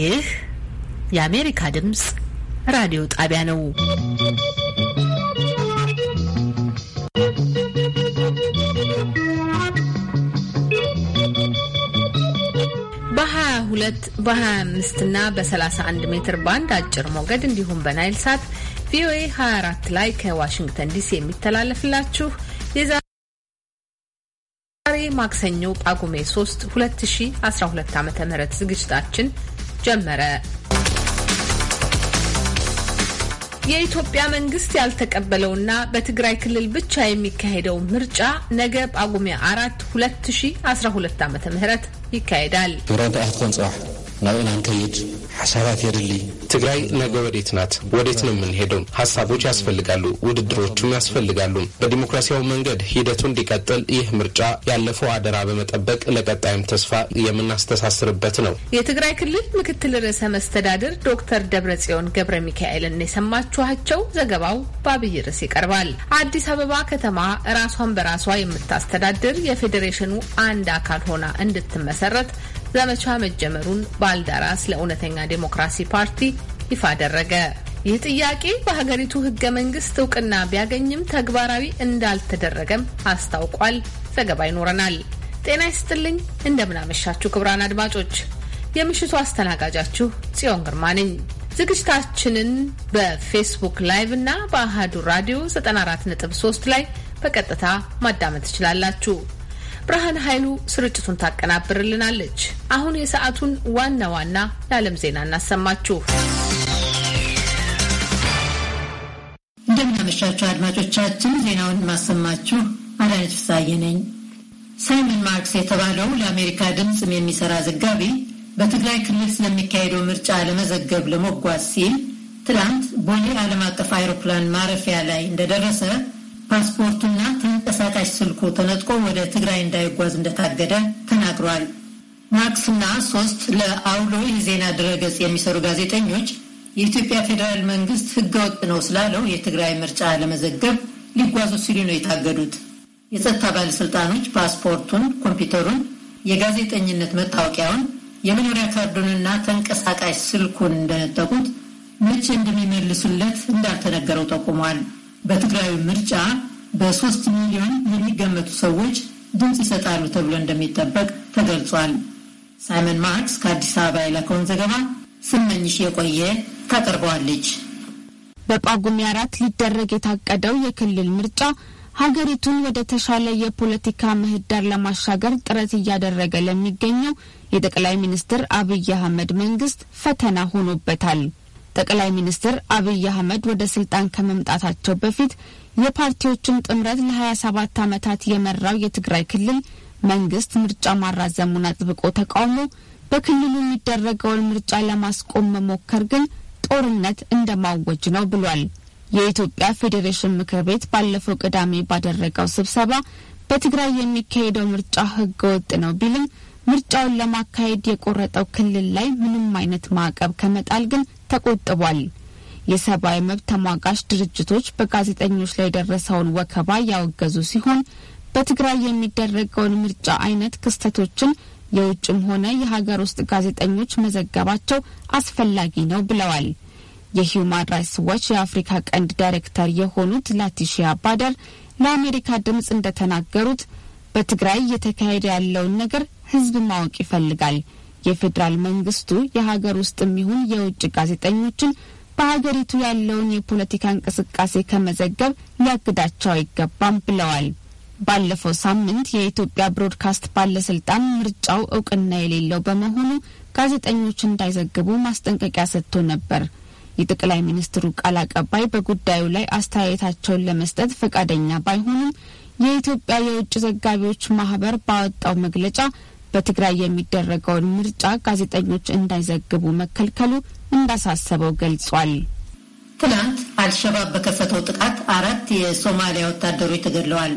ይህ የአሜሪካ ድምፅ ራዲዮ ጣቢያ ነው። በ22 በ25 እና በ31 ሜትር ባንድ አጭር ሞገድ እንዲሁም በናይል ሳት ቪኦኤ 24 ላይ ከዋሽንግተን ዲሲ የሚተላለፍላችሁ የዛሬ ማክሰኞ ጳጉሜ 3 2012 ዓ ም ዝግጅታችን ጀመረ። የኢትዮጵያ መንግስት ያልተቀበለውና በትግራይ ክልል ብቻ የሚካሄደው ምርጫ ነገ ጳጉሜ አራት ሁለት ሺ አስራ ሁለት ዓመተ ምህረት ይካሄዳል። ሀሳባት ሄድልኝ። ትግራይ ነገ ወዴት ናት? ወዴት ነው የምንሄደው? ሀሳቦች ያስፈልጋሉ፣ ውድድሮችም ያስፈልጋሉ። በዲሞክራሲያዊ መንገድ ሂደቱ እንዲቀጥል ይህ ምርጫ ያለፈው አደራ በመጠበቅ ለቀጣይም ተስፋ የምናስተሳስርበት ነው። የትግራይ ክልል ምክትል ርዕሰ መስተዳድር ዶክተር ደብረጽዮን ገብረ ሚካኤልን የሰማችኋቸው። ዘገባው በአብይ ርዕስ ይቀርባል። አዲስ አበባ ከተማ ራሷን በራሷ የምታስተዳድር የፌዴሬሽኑ አንድ አካል ሆና እንድትመሰረት ዘመቻ መጀመሩን ባልደራስ ለእውነተኛ ዴሞክራሲ ፓርቲ ይፋ አደረገ። ይህ ጥያቄ በሀገሪቱ ህገ መንግስት እውቅና ቢያገኝም ተግባራዊ እንዳልተደረገም አስታውቋል። ዘገባ ይኖረናል። ጤና ይስጥልኝ፣ እንደምናመሻችሁ ክቡራን አድማጮች፣ የምሽቱ አስተናጋጃችሁ ጽዮን ግርማ ነኝ። ዝግጅታችንን በፌስቡክ ላይቭ እና በአህዱ ራዲዮ 94.3 ላይ በቀጥታ ማዳመጥ ትችላላችሁ። ብርሃን ኃይሉ ስርጭቱን ታቀናብርልናለች። አሁን የሰዓቱን ዋና ዋና የዓለም ዜና እናሰማችሁ። እንደምናመሻችሁ አድማጮቻችን፣ ዜናውን ማሰማችሁ አዳነች ፍሳዬ ነኝ። ሳይመን ማርክስ የተባለው ለአሜሪካ ድምፅም የሚሰራ ዘጋቢ በትግራይ ክልል ስለሚካሄደው ምርጫ ለመዘገብ ለመጓዝ ሲል ትላንት ቦሌ ዓለም አቀፍ አውሮፕላን ማረፊያ ላይ እንደደረሰ ፓስፖርቱና ተንቀሳቃሽ ስልኩ ተነጥቆ ወደ ትግራይ እንዳይጓዝ እንደታገደ ተናግረዋል። ማክስና ሶስት ለአውሎ የዜና ድረገጽ የሚሰሩ ጋዜጠኞች የኢትዮጵያ ፌዴራል መንግስት ህገወጥ ነው ስላለው የትግራይ ምርጫ ለመዘገብ ሊጓዙ ሲሉ ነው የታገዱት። የጸጥታ ባለስልጣኖች ፓስፖርቱን፣ ኮምፒውተሩን፣ የጋዜጠኝነት መታወቂያውን፣ የመኖሪያ ካርዱንና ተንቀሳቃሽ ስልኩን እንደነጠቁት መቼ እንደሚመልሱለት እንዳልተነገረው ጠቁሟል። በትግራዩ ምርጫ በሶስት ሚሊዮን የሚገመቱ ሰዎች ድምፅ ይሰጣሉ ተብሎ እንደሚጠበቅ ተገልጿል። ሳይመን ማርክስ ከአዲስ አበባ የላከውን ዘገባ ስመኝሽ የቆየ ታቀርበዋለች። በጳጉሜ አራት ሊደረግ የታቀደው የክልል ምርጫ ሀገሪቱን ወደ ተሻለ የፖለቲካ ምህዳር ለማሻገር ጥረት እያደረገ ለሚገኘው የጠቅላይ ሚኒስትር አብይ አህመድ መንግስት ፈተና ሆኖበታል። ጠቅላይ ሚኒስትር አብይ አህመድ ወደ ስልጣን ከመምጣታቸው በፊት የፓርቲዎቹን ጥምረት ለ27 ዓመታት የመራው የትግራይ ክልል መንግስት ምርጫ ማራዘሙን አጥብቆ ተቃውሞ በክልሉ የሚደረገውን ምርጫ ለማስቆም መሞከር ግን ጦርነት እንደማወጅ ነው ብሏል። የኢትዮጵያ ፌዴሬሽን ምክር ቤት ባለፈው ቅዳሜ ባደረገው ስብሰባ በትግራይ የሚካሄደው ምርጫ ህገወጥ ነው ቢልም ምርጫውን ለማካሄድ የቆረጠው ክልል ላይ ምንም አይነት ማዕቀብ ከመጣል ግን ተቆጥቧል። የሰብአዊ መብት ተሟጋች ድርጅቶች በጋዜጠኞች ላይ የደረሰውን ወከባ ያወገዙ ሲሆን በትግራይ የሚደረገውን ምርጫ አይነት ክስተቶችን የውጭም ሆነ የሀገር ውስጥ ጋዜጠኞች መዘገባቸው አስፈላጊ ነው ብለዋል። የሂዩማን ራይትስ ዋች የአፍሪካ ቀንድ ዳይሬክተር የሆኑት ላቲሺያ ባደር ለአሜሪካ ድምፅ እንደተናገሩት በትግራይ እየተካሄደ ያለውን ነገር ሕዝብ ማወቅ ይፈልጋል። የፌዴራል መንግስቱ የሀገር ውስጥም ይሁን የውጭ ጋዜጠኞችን በሀገሪቱ ያለውን የፖለቲካ እንቅስቃሴ ከመዘገብ ሊያግዳቸው አይገባም ብለዋል። ባለፈው ሳምንት የኢትዮጵያ ብሮድካስት ባለስልጣን ምርጫው እውቅና የሌለው በመሆኑ ጋዜጠኞች እንዳይዘግቡ ማስጠንቀቂያ ሰጥቶ ነበር። የጠቅላይ ሚኒስትሩ ቃል አቀባይ በጉዳዩ ላይ አስተያየታቸውን ለመስጠት ፈቃደኛ ባይሆኑም የኢትዮጵያ የውጭ ዘጋቢዎች ማህበር ባወጣው መግለጫ በትግራይ የሚደረገውን ምርጫ ጋዜጠኞች እንዳይዘግቡ መከልከሉ እንዳሳሰበው ገልጿል። ትናንት አልሸባብ በከፈተው ጥቃት አራት የሶማሊያ ወታደሮች ተገድለዋል።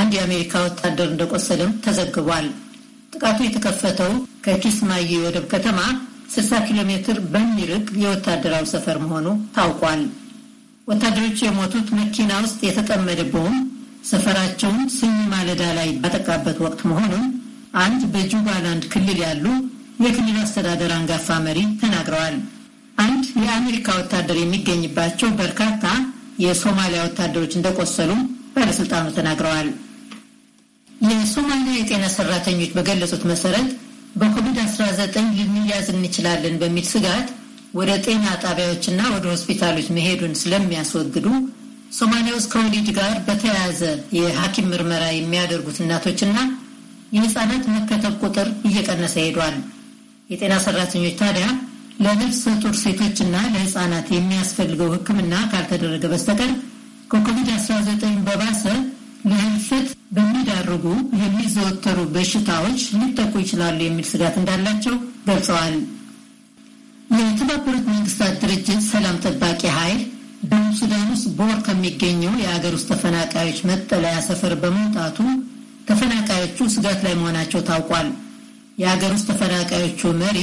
አንድ የአሜሪካ ወታደር እንደቆሰለም ተዘግቧል። ጥቃቱ የተከፈተው ከኪስማዬ የወደብ ከተማ 60 ኪሎ ሜትር በሚርቅ የወታደራዊ ሰፈር መሆኑ ታውቋል። ወታደሮቹ የሞቱት መኪና ውስጥ የተጠመደ ቦምብ ሰፈራቸውን ስኝ ማለዳ ላይ ባጠቃበት ወቅት መሆኑን አንድ በጁባላንድ ክልል ያሉ የክልሉ አስተዳደር አንጋፋ መሪ ተናግረዋል። አንድ የአሜሪካ ወታደር የሚገኝባቸው በርካታ የሶማሊያ ወታደሮች እንደቆሰሉም ባለስልጣኑ ተናግረዋል። የሶማሊያ የጤና ሰራተኞች በገለጹት መሰረት በኮቪድ-19 ልንያዝ እንችላለን በሚል ስጋት ወደ ጤና ጣቢያዎችና ወደ ሆስፒታሎች መሄዱን ስለሚያስወግዱ ሶማሊያ ውስጥ ከወሊድ ጋር በተያያዘ የሐኪም ምርመራ የሚያደርጉት እናቶችና የህፃናት መከተብ ቁጥር እየቀነሰ ሄዷል። የጤና ሰራተኞች ታዲያ ለነፍሰ ጡር ሴቶችና ለህፃናት የሚያስፈልገው ሕክምና ካልተደረገ በስተቀር ከኮቪድ-19 በባሰ ለህልፈት በሚዳርጉ የሚዘወተሩ በሽታዎች ሊጠቁ ይችላሉ የሚል ስጋት እንዳላቸው ገልጸዋል። የተባበሩት መንግስታት ድርጅት ሰላም ጠባቂ ኃይል ደቡብ ሱዳን ውስጥ ቦር ከሚገኘው የአገር ውስጥ ተፈናቃዮች መጠለያ ሰፈር በመውጣቱ ተፈናቃዮቹ ስጋት ላይ መሆናቸው ታውቋል። የሀገር ውስጥ ተፈናቃዮቹ መሪ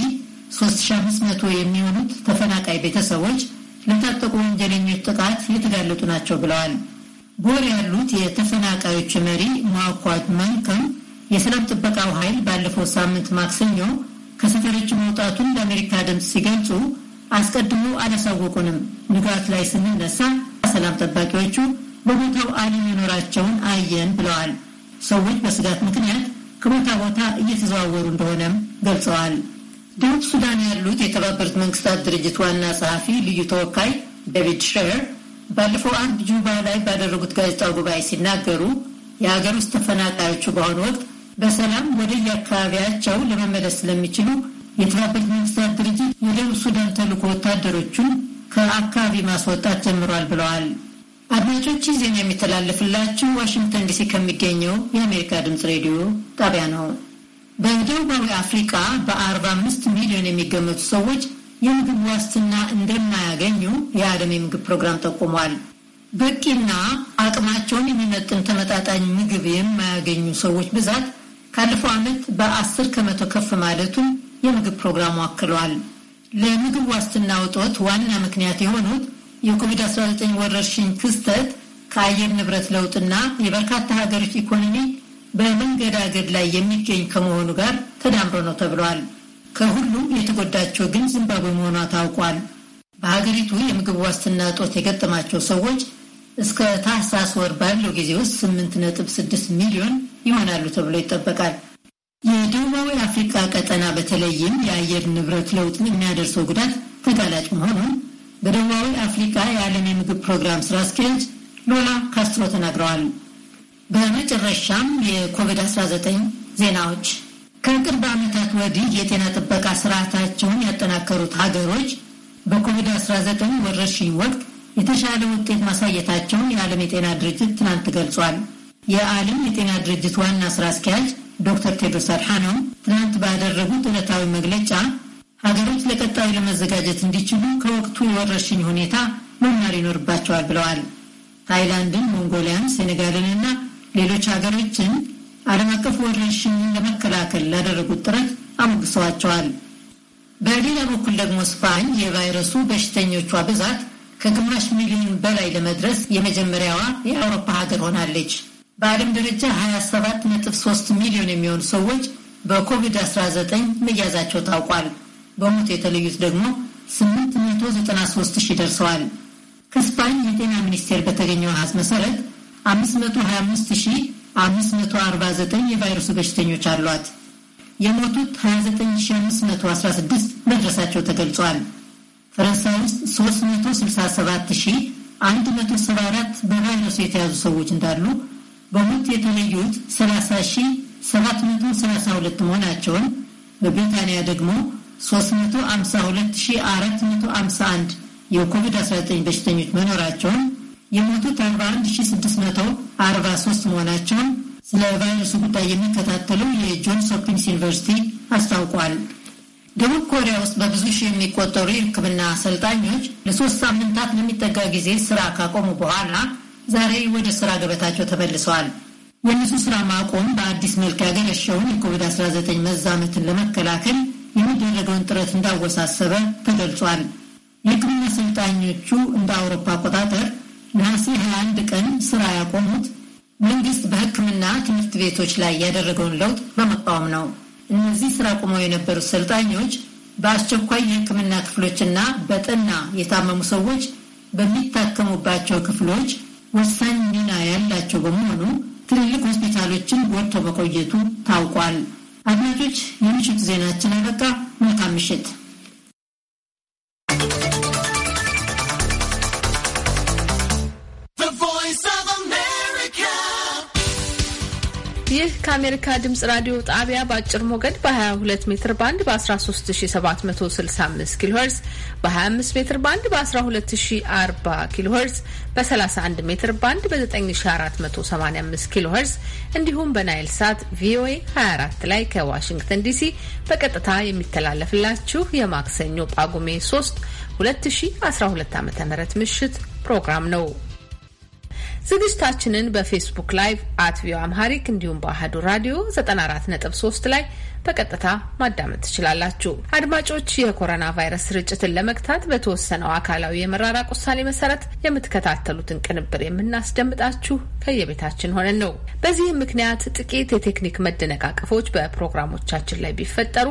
3500 የሚሆኑት ተፈናቃይ ቤተሰቦች ለታጠቁ ወንጀለኞች ጥቃት የተጋለጡ ናቸው ብለዋል። ቦር ያሉት የተፈናቃዮች መሪ ማኳት መንከም የሰላም ጥበቃው ኃይል ባለፈው ሳምንት ማክሰኞ ከሰፈሮች መውጣቱን ለአሜሪካ ድምፅ ሲገልጹ አስቀድሞ አላሳወቁንም። ንጋት ላይ ስንነሳ ሰላም ጠባቂዎቹ በቦታው አለመኖራቸውን አየን ብለዋል። ሰዎች በስጋት ምክንያት ከቦታ ቦታ እየተዘዋወሩ እንደሆነም ገልጸዋል። ደቡብ ሱዳን ያሉት የተባበሩት መንግስታት ድርጅት ዋና ጸሐፊ ልዩ ተወካይ ዴቪድ ሼር ባለፈው አርብ ጁባ ላይ ባደረጉት ጋዜጣው ጉባኤ ሲናገሩ የሀገር ውስጥ ተፈናቃዮቹ በአሁኑ ወቅት በሰላም ወደ የአካባቢያቸው ለመመለስ ስለሚችሉ የተባበሩት መንግስታት ድርጅት የደቡብ ሱዳን ተልዕኮ ወታደሮቹን ከአካባቢ ማስወጣት ጀምሯል ብለዋል። አድማጮች ዜና የሚተላለፍላችሁ ዋሽንግተን ዲሲ ከሚገኘው የአሜሪካ ድምፅ ሬዲዮ ጣቢያ ነው። በደቡባዊ አፍሪካ በ45 ሚሊዮን የሚገመቱ ሰዎች የምግብ ዋስትና እንደማያገኙ የዓለም የምግብ ፕሮግራም ጠቁሟል። በቂና አቅማቸውን የሚመጥን ተመጣጣኝ ምግብ የማያገኙ ሰዎች ብዛት ካለፈው ዓመት በ10 ከመቶ ከፍ ማለቱን የምግብ ፕሮግራሙ አክሏል። ለምግብ ዋስትና እጦት ዋና ምክንያት የሆኑት የኮቪድ-19 ወረርሽኝ ክስተት ከአየር ንብረት ለውጥና የበርካታ ሀገሮች ኢኮኖሚ በመንገዳገድ ላይ የሚገኝ ከመሆኑ ጋር ተዳምሮ ነው ተብሏል። ከሁሉ የተጎዳቸው ግን ዚምባብዌ መሆኗ ታውቋል። በሀገሪቱ የምግብ ዋስትና እጦት የገጠማቸው ሰዎች እስከ ታህሳስ ወር ባለው ጊዜ ውስጥ ስድስት ሚሊዮን ይሆናሉ ተብሎ ይጠበቃል። የደቡባዊ አፍሪካ ቀጠና በተለይም የአየር ንብረት ለውጥ የሚያደርሰው ጉዳት ተጋላጭ መሆኑን በደቡባዊ አፍሪካ የዓለም የምግብ ፕሮግራም ስራ አስኪያጅ ሎላ ካስትሮ ተናግረዋል። በመጨረሻም የኮቪድ-19 ዜናዎች ከቅርብ ዓመታት ወዲህ የጤና ጥበቃ ስርዓታቸውን ያጠናከሩት ሀገሮች በኮቪድ-19 ወረርሽኝ ወቅት የተሻለ ውጤት ማሳየታቸውን የዓለም የጤና ድርጅት ትናንት ገልጿል። የዓለም የጤና ድርጅት ዋና ስራ አስኪያጅ ዶክተር ቴድሮስ አድሓኖም ትናንት ባደረጉት ዕለታዊ መግለጫ ሀገሮች ለቀጣዩ ለመዘጋጀት እንዲችሉ ከወቅቱ የወረርሽኝ ሁኔታ መማር ይኖርባቸዋል ብለዋል። ታይላንድን፣ ሞንጎሊያን፣ ሴኔጋልን እና ሌሎች ሀገሮችን ዓለም አቀፍ ወረርሽኝን ለመከላከል ላደረጉት ጥረት አሞግሰዋቸዋል። በሌላ በኩል ደግሞ ስፓኝ የቫይረሱ በሽተኞቿ ብዛት ከግማሽ ሚሊዮን በላይ ለመድረስ የመጀመሪያዋ የአውሮፓ ሀገር ሆናለች። በዓለም ደረጃ 27.3 ሚሊዮን የሚሆኑ ሰዎች በኮቪድ-19 መያዛቸው ታውቋል። በሞት የተለዩት ደግሞ 893 ሺህ ደርሰዋል። ከስፓኝ የጤና ሚኒስቴር በተገኘው አሃዝ መሰረት 525549 የቫይረሱ በሽተኞች አሏት። የሞቱት 29516 መድረሳቸው ተገልጿል። ፈረንሳይ ውስጥ 367174 በቫይረሱ የተያዙ ሰዎች እንዳሉ በሞት የተለዩት 30732 መሆናቸውን በብሪታንያ ደግሞ 352451 የኮቪድ-19 በሽተኞች መኖራቸውን የሞቱት 41643 መሆናቸውን ስለ ቫይረሱ ጉዳይ የሚከታተለው የጆንስ ሆፕኪንስ ዩኒቨርሲቲ አስታውቋል። ደቡብ ኮሪያ ውስጥ በብዙ ሺህ የሚቆጠሩ የሕክምና አሰልጣኞች ለሶስት ሳምንታት ለሚጠጋ ጊዜ ስራ ካቆሙ በኋላ ዛሬ ወደ ስራ ገበታቸው ተመልሰዋል። የእነሱ ስራ ማቆም በአዲስ መልክ ያገረሸውን የኮቪድ-19 መዛመትን ለመከላከል የሚደረገውን ጥረት እንዳወሳሰበ ተገልጿል። የሕክምና ሰልጣኞቹ እንደ አውሮፓ አቆጣጠር ነሐሴ 21 ቀን ስራ ያቆሙት መንግስት በሕክምና ትምህርት ቤቶች ላይ ያደረገውን ለውጥ በመቃወም ነው። እነዚህ ስራ ቆመው የነበሩት ሰልጣኞች በአስቸኳይ የሕክምና ክፍሎችና በጠና የታመሙ ሰዎች በሚታከሙባቸው ክፍሎች ወሳኝ ሚና ያላቸው በመሆኑ ትልልቅ ሆስፒታሎችን ጎድቶ መቆየቱ ታውቋል። አድማጮች፣ የምሽት ዜናችን አበቃ። መልካም ምሽት። ይህ ከአሜሪካ ድምጽ ራዲዮ ጣቢያ በአጭር ሞገድ በ22 ሜትር ባንድ በ13765 ኪሎ ሄርዝ በ25 ሜትር ባንድ በ1240 ኪሎ ሄርዝ በ31 ሜትር ባንድ በ9485 ኪሎ ሄርዝ እንዲሁም በናይል ሳት ቪኦኤ 24 ላይ ከዋሽንግተን ዲሲ በቀጥታ የሚተላለፍላችሁ የማክሰኞ ጳጉሜ 3 2012 ዓ ም ምሽት ፕሮግራም ነው። ዝግጅታችንን በፌስቡክ ላይቭ አት ቪኦ አምሃሪክ እንዲሁም በአህዱ ራዲዮ 94.3 ላይ በቀጥታ ማዳመጥ ትችላላችሁ። አድማጮች፣ የኮሮና ቫይረስ ስርጭትን ለመግታት በተወሰነው አካላዊ የመራራቅ ውሳኔ መሰረት የምትከታተሉትን ቅንብር የምናስደምጣችሁ ከየቤታችን ሆነን ነው። በዚህም ምክንያት ጥቂት የቴክኒክ መደነቃቀፎች በፕሮግራሞቻችን ላይ ቢፈጠሩ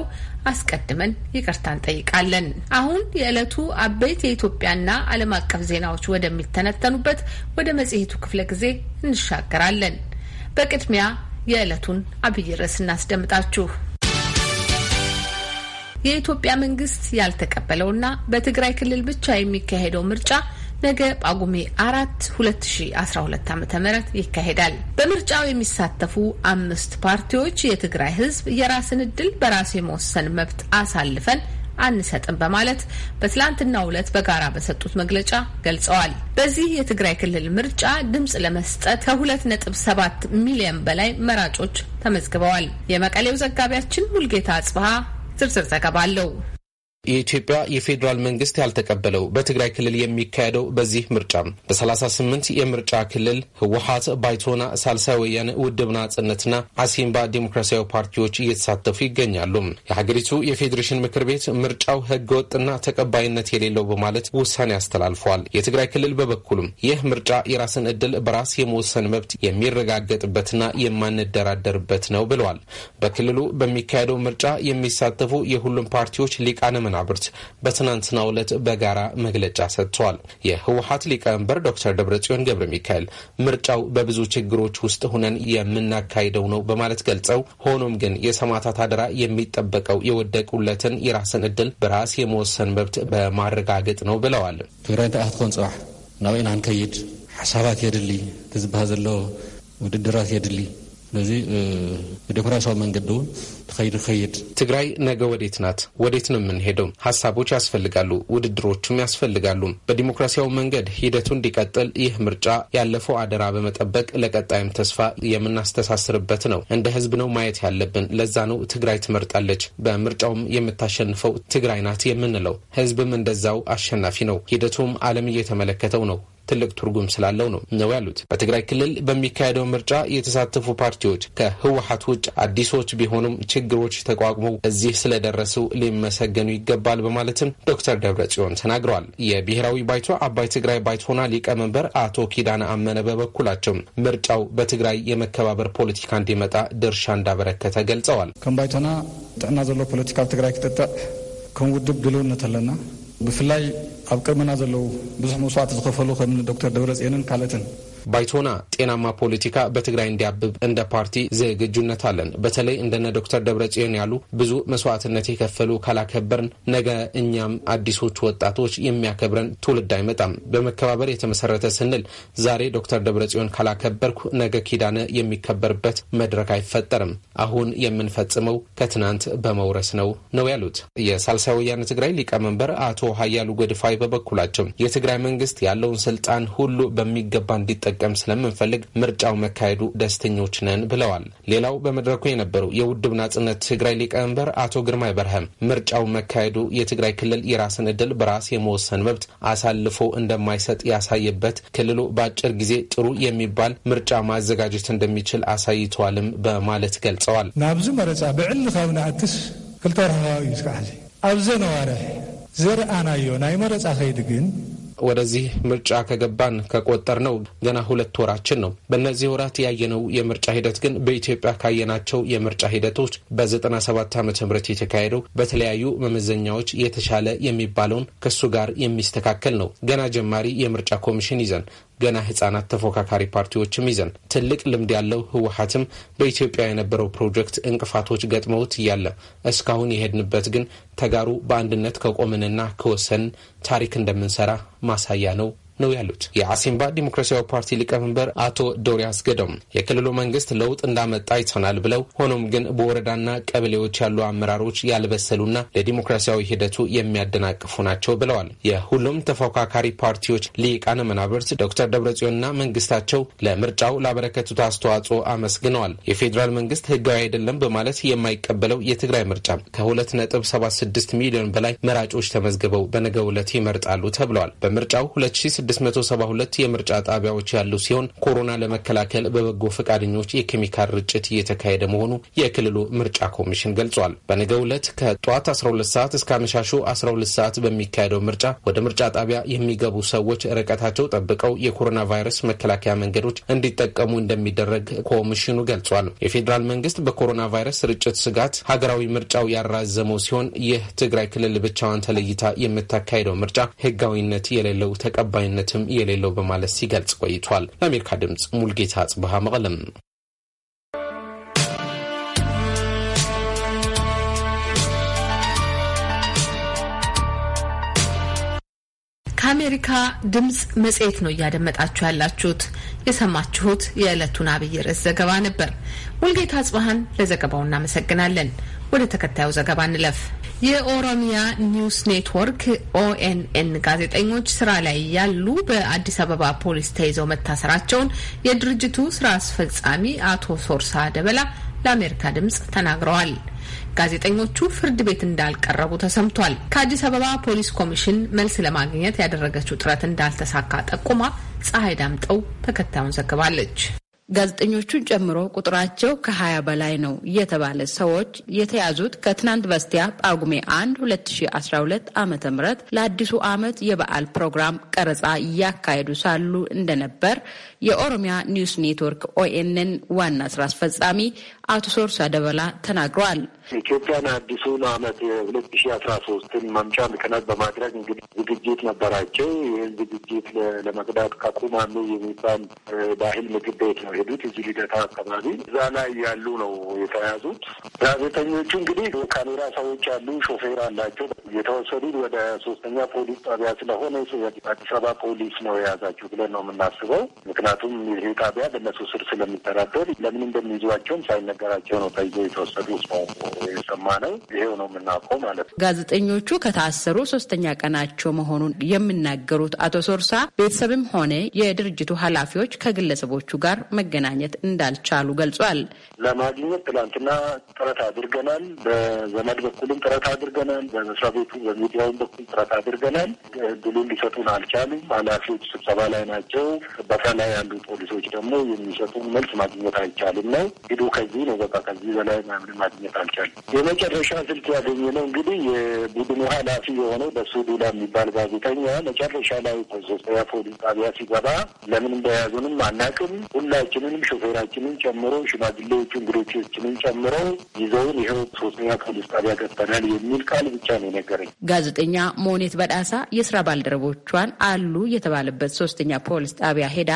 አስቀድመን ይቅርታ እንጠይቃለን። አሁን የዕለቱ አበይት የኢትዮጵያና ዓለም አቀፍ ዜናዎች ወደሚተነተኑበት ወደ መጽሔቱ ክፍለ ጊዜ እንሻገራለን። በቅድሚያ የዕለቱን አብይ ርዕስ እናስደምጣችሁ። የኢትዮጵያ መንግስት ያልተቀበለውና በትግራይ ክልል ብቻ የሚካሄደው ምርጫ ነገ ጳጉሜ አራት ሁለት ሺ አስራ ሁለት ዓመተ ምህረት ይካሄዳል። በምርጫው የሚሳተፉ አምስት ፓርቲዎች የትግራይ ህዝብ የራስን እድል በራስ የመወሰን መብት አሳልፈን አንሰጥም በማለት በትላንትናው ዕለት በጋራ በሰጡት መግለጫ ገልጸዋል። በዚህ የትግራይ ክልል ምርጫ ድምፅ ለመስጠት ከ ሰባት ሚሊዮን በላይ መራጮች ተመዝግበዋል። የመቀሌው ዘጋቢያችን ሙልጌታ አጽብሃ ዝርዝር ዘገባ አለው። የኢትዮጵያ የፌዴራል መንግስት ያልተቀበለው በትግራይ ክልል የሚካሄደው በዚህ ምርጫ በ38 የምርጫ ክልል ህወሀት፣ ባይቶና፣ ሳልሳይ ወያነ ውድብ ናጽነትና አሲምባ ዲሞክራሲያዊ ፓርቲዎች እየተሳተፉ ይገኛሉ። የሀገሪቱ የፌዴሬሽን ምክር ቤት ምርጫው ህገወጥና ተቀባይነት የሌለው በማለት ውሳኔ አስተላልፏል። የትግራይ ክልል በበኩሉም ይህ ምርጫ የራስን እድል በራስ የመወሰን መብት የሚረጋገጥበትና የማንደራደርበት ነው ብለዋል። በክልሉ በሚካሄደው ምርጫ የሚሳተፉ የሁሉም ፓርቲዎች ሊቃነ አቀናብርት በትናንትናው ዕለት በጋራ መግለጫ ሰጥተዋል። የህወሀት ሊቀመንበር ዶክተር ደብረጽዮን ገብረ ሚካኤል ምርጫው በብዙ ችግሮች ውስጥ ሆነን የምናካሂደው ነው በማለት ገልጸው፣ ሆኖም ግን የሰማዕታት አደራ የሚጠበቀው የወደቁለትን የራስን እድል በራስ የመወሰን መብት በማረጋገጥ ነው ብለዋል። ትግራይ ክትኮን ፅባሕ ናብኡ ኢና ንከይድ ሓሳባት የድሊ ክዝባህ ዘለዎ ውድድራት የድሊ ስለዚህ ዲሞክራሲያዊ መንገድ ደውን ትኸይድ ኸይድ ትግራይ ነገ ወዴት ናት? ወዴት ነው የምንሄደው? ሀሳቦች ያስፈልጋሉ፣ ውድድሮቹም ያስፈልጋሉ። በዲሞክራሲያዊ መንገድ ሂደቱ እንዲቀጥል ይህ ምርጫ ያለፈው አደራ በመጠበቅ ለቀጣይም ተስፋ የምናስተሳስርበት ነው። እንደ ህዝብ ነው ማየት ያለብን። ለዛ ነው ትግራይ ትመርጣለች፣ በምርጫውም የምታሸንፈው ትግራይ ናት የምንለው። ህዝብም እንደዛው አሸናፊ ነው። ሂደቱም ዓለም እየተመለከተው ነው። ትልቅ ትርጉም ስላለው ነው ነው ያሉት። በትግራይ ክልል በሚካሄደው ምርጫ የተሳተፉ ፓርቲዎች ከህወሀት ውጭ አዲሶች ቢሆኑም ችግሮች ተቋቁመው እዚህ ስለደረሱ ሊመሰገኑ ይገባል በማለትም ዶክተር ደብረ ጽዮን ተናግረዋል። የብሔራዊ ባይቶ አባይ ትግራይ ባይቶና ሊቀመንበር አቶ ኪዳነ አመነ በበኩላቸው ምርጫው በትግራይ የመከባበር ፖለቲካ እንዲመጣ ድርሻ እንዳበረከተ ገልጸዋል። ከም ባይቶና ጥዕና ዘሎ ፖለቲካ ኣብ ትግራይ ክጥጥዕ ከም ውድብ ድልውነት ኣለና ብፍላይ ኣብ ቅድመና ዘለው ብዙሕ መስዋዕቲ ዝኸፈሉ ከም ዶክተር ደብረፅንን ካልኦትን ባይቶና ጤናማ ፖለቲካ በትግራይ እንዲያብብ እንደ ፓርቲ ዝግጁነት አለን። በተለይ እንደነ ዶክተር ደብረጽዮን ያሉ ብዙ መስዋዕትነት የከፈሉ ካላከበርን ነገ እኛም አዲሶቹ ወጣቶች የሚያከብረን ትውልድ አይመጣም። በመከባበር የተመሰረተ ስንል ዛሬ ዶክተር ደብረጽዮን ካላከበርኩ ነገ ኪዳነ የሚከበርበት መድረክ አይፈጠርም። አሁን የምንፈጽመው ከትናንት በመውረስ ነው ነው ያሉት የሳልሳይ ወያነ ትግራይ ሊቀመንበር አቶ ሀያሉ ጎድፋይ በበኩላቸው የትግራይ መንግስት ያለውን ስልጣን ሁሉ በሚገባ እንዲጠቀ እንዲጠቀም ስለምንፈልግ ምርጫው መካሄዱ ደስተኞች ነን ብለዋል። ሌላው በመድረኩ የነበሩ የውድብ ናጽነት ትግራይ ሊቀመንበር አቶ ግርማይ በርሃም ምርጫው መካሄዱ የትግራይ ክልል የራስን እድል በራስ የመወሰን መብት አሳልፎ እንደማይሰጥ ያሳየበት ክልሉ በአጭር ጊዜ ጥሩ የሚባል ምርጫ ማዘጋጀት እንደሚችል አሳይተዋልም በማለት ገልጸዋል። ናብዚ መረፃ ብዕልፋዊ ካብ ክልተ ረኸባቢ እዩ ዘርአናዮ ናይ መረፃ ከይዲ ግን ወደዚህ ምርጫ ከገባን ከቆጠር ነው ገና ሁለት ወራችን ነው። በእነዚህ ወራት ያየነው የምርጫ ሂደት ግን በኢትዮጵያ ካየናቸው የምርጫ ሂደቶች በ97 ም የተካሄደው በተለያዩ መመዘኛዎች የተሻለ የሚባለውን ከሱ ጋር የሚስተካከል ነው። ገና ጀማሪ የምርጫ ኮሚሽን ይዘን ገና ህጻናት ተፎካካሪ ፓርቲዎችም ይዘን ትልቅ ልምድ ያለው ህወሀትም በኢትዮጵያ የነበረው ፕሮጀክት እንቅፋቶች ገጥመውት እያለ እስካሁን የሄድንበት ግን ተጋሩ በአንድነት ከቆምንና ከወሰንን ታሪክ እንደምንሰራ ማሳያ ነው ነው ያሉት የአሲምባ ዲሞክራሲያዊ ፓርቲ ሊቀመንበር አቶ ዶሪያስ ገዶም። የክልሉ መንግስት ለውጥ እንዳመጣ ይተናል ብለው ሆኖም ግን በወረዳና ቀበሌዎች ያሉ አመራሮች ያልበሰሉና ለዲሞክራሲያዊ ሂደቱ የሚያደናቅፉ ናቸው ብለዋል። የሁሉም ተፎካካሪ ፓርቲዎች ሊቃነ መናብርት ዶክተር ደብረጽዮንና መንግስታቸው ለምርጫው ላበረከቱት አስተዋጽኦ አመስግነዋል። የፌዴራል መንግስት ህጋዊ አይደለም በማለት የማይቀበለው የትግራይ ምርጫ ከ ነጥብ ሚሊዮን በላይ መራጮች ተመዝግበው በነገው ዕለት ይመርጣሉ ተብለዋል። በምርጫው 2006 672 የምርጫ ጣቢያዎች ያሉ ሲሆን ኮሮና ለመከላከል በበጎ ፈቃደኞች የኬሚካል ርጭት እየተካሄደ መሆኑ የክልሉ ምርጫ ኮሚሽን ገልጿል። በነገው ዕለት ከጠዋት 12 ሰዓት እስከ አመሻሹ 12 ሰዓት በሚካሄደው ምርጫ ወደ ምርጫ ጣቢያ የሚገቡ ሰዎች ርቀታቸው ጠብቀው የኮሮና ቫይረስ መከላከያ መንገዶች እንዲጠቀሙ እንደሚደረግ ኮሚሽኑ ገልጿል። የፌዴራል መንግስት በኮሮና ቫይረስ ርጭት ስጋት ሀገራዊ ምርጫው ያራዘመው ሲሆን ይህ ትግራይ ክልል ብቻዋን ተለይታ የምታካሄደው ምርጫ ህጋዊነት የሌለው ተቀባይነት ተቀባይነትም የሌለው በማለት ሲገልጽ ቆይቷል። ለአሜሪካ ድምፅ ሙልጌታ ጽብሃ መቀለም። ከአሜሪካ ድምፅ መጽሔት ነው እያደመጣችሁ ያላችሁት። የሰማችሁት የዕለቱን አብይ ርዕስ ዘገባ ነበር። ሙልጌታ አጽብሃን ለዘገባው እናመሰግናለን። ወደ ተከታዩ ዘገባ እንለፍ። የኦሮሚያ ኒውስ ኔትወርክ ኦኤንኤን ጋዜጠኞች ስራ ላይ ያሉ በአዲስ አበባ ፖሊስ ተይዘው መታሰራቸውን የድርጅቱ ስራ አስፈጻሚ አቶ ሶርሳ ደበላ ለአሜሪካ ድምጽ ተናግረዋል። ጋዜጠኞቹ ፍርድ ቤት እንዳልቀረቡ ተሰምቷል። ከአዲስ አበባ ፖሊስ ኮሚሽን መልስ ለማግኘት ያደረገችው ጥረት እንዳልተሳካ ጠቁማ ፀሐይ ዳምጠው ተከታዩን ዘግባለች። ጋዜጠኞቹን ጨምሮ ቁጥራቸው ከ20 በላይ ነው የተባለ ሰዎች የተያዙት ከትናንት በስቲያ ጳጉሜ 1 2012 ዓ ም ለአዲሱ ዓመት የበዓል ፕሮግራም ቀረጻ እያካሄዱ ሳሉ እንደነበር የኦሮሚያ ኒውስ ኔትወርክ ኦኤንን ዋና ስራ አስፈጻሚ አቶ ሶርሳ ደበላ ተናግረዋል። ኢትዮጵያን አዲሱን ዓመት የሁለት ሺ አስራ ሶስትን መምጫ ምክንያት በማድረግ እንግዲህ ዝግጅት ነበራቸው። ይህን ዝግጅት ለመቅዳት ከኩማኑ የሚባል ባህል ምግብ ቤት ነው ሄዱት። እዚህ ልደታ አካባቢ እዛ ላይ ያሉ ነው የተያዙት። ጋዜጠኞቹ እንግዲህ ካሜራ ሰዎች አሉ፣ ሾፌር አላቸው። የተወሰዱት ወደ ሶስተኛ ፖሊስ ጣቢያ ስለሆነ አዲስ አበባ ፖሊስ ነው የያዛቸው ብለን ነው የምናስበው ምክንያቱ ምክንያቱም ይህ ጣቢያ በእነሱ ስር ስለሚተዳደር ለምን እንደሚይዟቸውም ሳይነገራቸው ነው ተይዞ የተወሰዱ ነው የሰማ ነው። ይሄው ነው የምናውቀው ማለት ነው። ጋዜጠኞቹ ከታሰሩ ሶስተኛ ቀናቸው መሆኑን የሚናገሩት አቶ ሶርሳ ቤተሰብም ሆነ የድርጅቱ ኃላፊዎች ከግለሰቦቹ ጋር መገናኘት እንዳልቻሉ ገልጿል። ለማግኘት ትላንትና ጥረት አድርገናል። በዘመድ በኩልም ጥረት አድርገናል። በመስሪያ ቤቱ በሚዲያውም በኩል ጥረት አድርገናል። ድሉ ሊሰጡን አልቻሉም። ኃላፊዎች ስብሰባ ላይ ናቸው። በፈላይ ያሉ ፖሊሶች ደግሞ የሚሰጡን መልስ ማግኘት አይቻልም ነው ሂዱ ከዚህ ነው በቃ ከዚህ በላይ ምንም ማግኘት አልቻልም። የመጨረሻ ስልክ ያገኘ ነው እንግዲህ የቡድኑ ኃላፊ የሆነው በሱ ዱላ የሚባል ጋዜጠኛ መጨረሻ ላይ ሶስተኛ ፖሊስ ጣቢያ ሲገባ ለምን እንደያዙንም አናቅም ሁላችንንም ሾፌራችንን ጨምሮ ሽማግሌዎቹ እንግዶቻችንን ጨምሮ ይዘውን ይኸው ሶስተኛ ፖሊስ ጣቢያ ገብተናል የሚል ቃል ብቻ ነው የነገረኝ። ጋዜጠኛ ሞኔት በዳሳ የስራ ባልደረቦቿን አሉ የተባለበት ሶስተኛ ፖሊስ ጣቢያ ሄዳ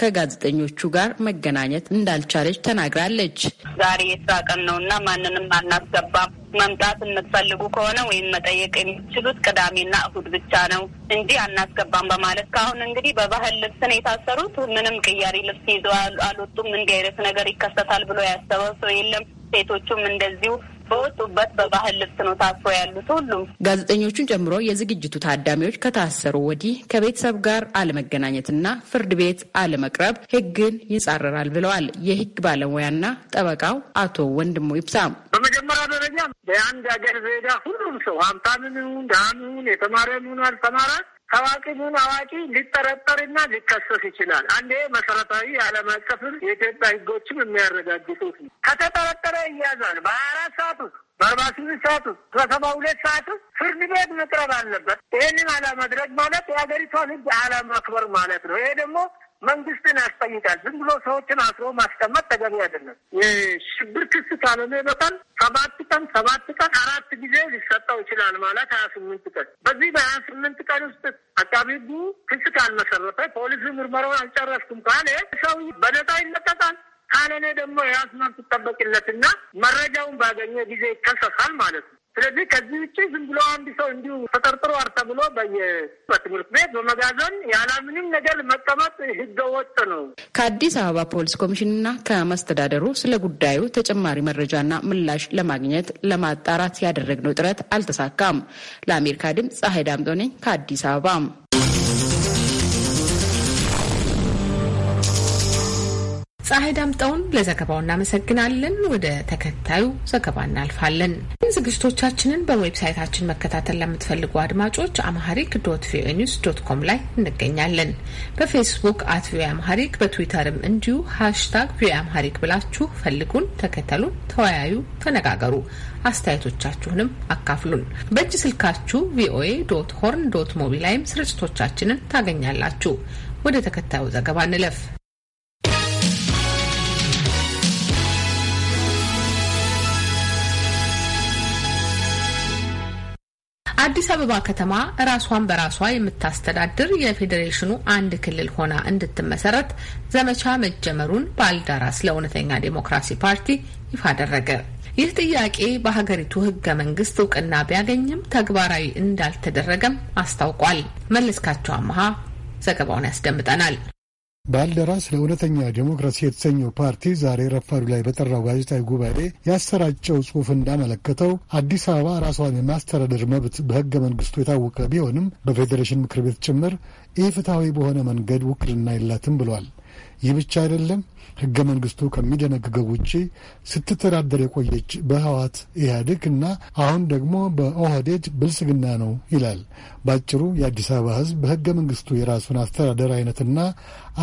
ከጋዜጠኞቹ ጋር መገናኘት እንዳልቻለች ተናግራለች። ዛሬ የስራ ቀን ነው እና ማንንም አናስገባም። መምጣት የምትፈልጉ ከሆነ ወይም መጠየቅ የሚችሉት ቅዳሜና እሁድ ብቻ ነው እንጂ አናስገባም በማለት ካሁን እንግዲህ በባህል ልብስ ነው የታሰሩት። ምንም ቅያሪ ልብስ ይዘው አልወጡም። እንዲህ አይነት ነገር ይከሰታል ብሎ ያሰበው ሰው የለም። ሴቶቹም እንደዚሁ በወጡበት በባህል ልብስ ነው ታስሮ ያሉት ሁሉም። ጋዜጠኞቹን ጨምሮ የዝግጅቱ ታዳሚዎች ከታሰሩ ወዲህ ከቤተሰብ ጋር አለመገናኘትና ፍርድ ቤት አለመቅረብ ህግን ይጻረራል ብለዋል የህግ ባለሙያና ጠበቃው አቶ ወንድሙ ይብሳም። በመጀመሪያ ደረጃ የአንድ ሀገር ዜጋ ሁሉም ሰው ሀብታምን ይሁን ድሃም ይሁን የተማረም ይሁን ታዋቂ አዋቂ ሊጠረጠርና ሊከሰስ ይችላል። አንዴ መሰረታዊ አለም አቀፍም የኢትዮጵያ ህጎችም የሚያረጋግጡት ነው። ከተጠረጠረ እያዛል በሀያ አራት ሰዓት ውስጥ በአርባ ስምንት ሰዓት ውስጥ በሰባ ሁለት ሰዓት ውስጥ ፍርድ ቤት መቅረብ አለበት። ይህንን አለማድረግ ማለት የሀገሪቷን ህግ አለማክበር ማለት ነው። ይሄ ደግሞ መንግስትን ያስጠይቃል። ዝም ብሎ ሰዎችን አስሮ ማስቀመጥ ተገቢ አይደለም። የሽብር ክስ ካልሆነ በቀር ሰባት ቀን ሰባት ቀን አራት ጊዜ ሊሰጠው ይችላል ማለት ሀያ ስምንት ቀን በዚህ በሀያ ስምንት ቀን ውስጥ አቃቢ ሕጉ ክስ ካልመሰረተ ፖሊስ ምርመራውን አልጨረስኩም ካለ ሰው በነፃ ይለቀቃል። ካለኔ ደግሞ የያዝ መብት ይጠበቅለትና መረጃውን ባገኘ ጊዜ ይከሰሳል ማለት ነው። ስለዚህ ከዚህ ውጭ ዝም ብሎ አንድ ሰው እንዲሁ ተጠርጥሯል ተብሎ በየትምህርት ቤት በመጋዘን ያለ ምንም ነገር መቀመጥ ህገወጥ ነው። ከአዲስ አበባ ፖሊስ ኮሚሽንና ከመስተዳደሩ ስለ ጉዳዩ ተጨማሪ መረጃና ምላሽ ለማግኘት ለማጣራት ያደረግነው ጥረት አልተሳካም። ለአሜሪካ ድምፅ ፀሐይ ዳምጦ ነኝ ከአዲስ አበባ። ፀሐይ ዳምጠውን ለዘገባው እናመሰግናለን። ወደ ተከታዩ ዘገባ እናልፋለን። ዝግጅቶቻችንን በዌብሳይታችን መከታተል ለምትፈልጉ አድማጮች አምሃሪክ ዶት ቪኦኤ ኒውስ ዶት ኮም ላይ እንገኛለን። በፌስቡክ አት ቪኦኤ አምሃሪክ፣ በትዊተርም እንዲሁ ሃሽታግ ቪኦኤ አምሃሪክ ብላችሁ ፈልጉን፣ ተከተሉን፣ ተወያዩ፣ ተነጋገሩ። አስተያየቶቻችሁንም አካፍሉን። በእጅ ስልካችሁ ቪኦኤ ዶት ሆርን ዶት ሞቢ ላይም ስርጭቶቻችንን ታገኛላችሁ። ወደ ተከታዩ ዘገባ እንለፍ። አዲስ አበባ ከተማ ራሷን በራሷ የምታስተዳድር የፌዴሬሽኑ አንድ ክልል ሆና እንድትመሰረት ዘመቻ መጀመሩን ባልደራስ ለእውነተኛ ዴሞክራሲ ፓርቲ ይፋ አደረገ። ይህ ጥያቄ በሀገሪቱ ህገ መንግስት እውቅና ቢያገኝም ተግባራዊ እንዳልተደረገም አስታውቋል። መለስካቸው አመሃ ዘገባውን ያስደምጠናል። ባልደራስ ለእውነተኛ ዴሞክራሲ የተሰኘው ፓርቲ ዛሬ ረፋዱ ላይ በጠራው ጋዜጣዊ ጉባኤ ያሰራጨው ጽሑፍ እንዳመለከተው አዲስ አበባ ራሷን የማስተዳደር መብት በሕገ መንግስቱ የታወቀ ቢሆንም በፌዴሬሽን ምክር ቤት ጭምር ኢፍትሐዊ በሆነ መንገድ ውክልና የላትም ብሏል። ይህ ብቻ አይደለም። ህገ መንግስቱ ከሚደነግገው ውጪ ስትተዳደር የቆየች በህዋት ኢህአዴግ እና አሁን ደግሞ በኦህዴድ ብልጽግና ነው ይላል። ባጭሩ የአዲስ አበባ ህዝብ በህገ መንግስቱ የራሱን አስተዳደር አይነትና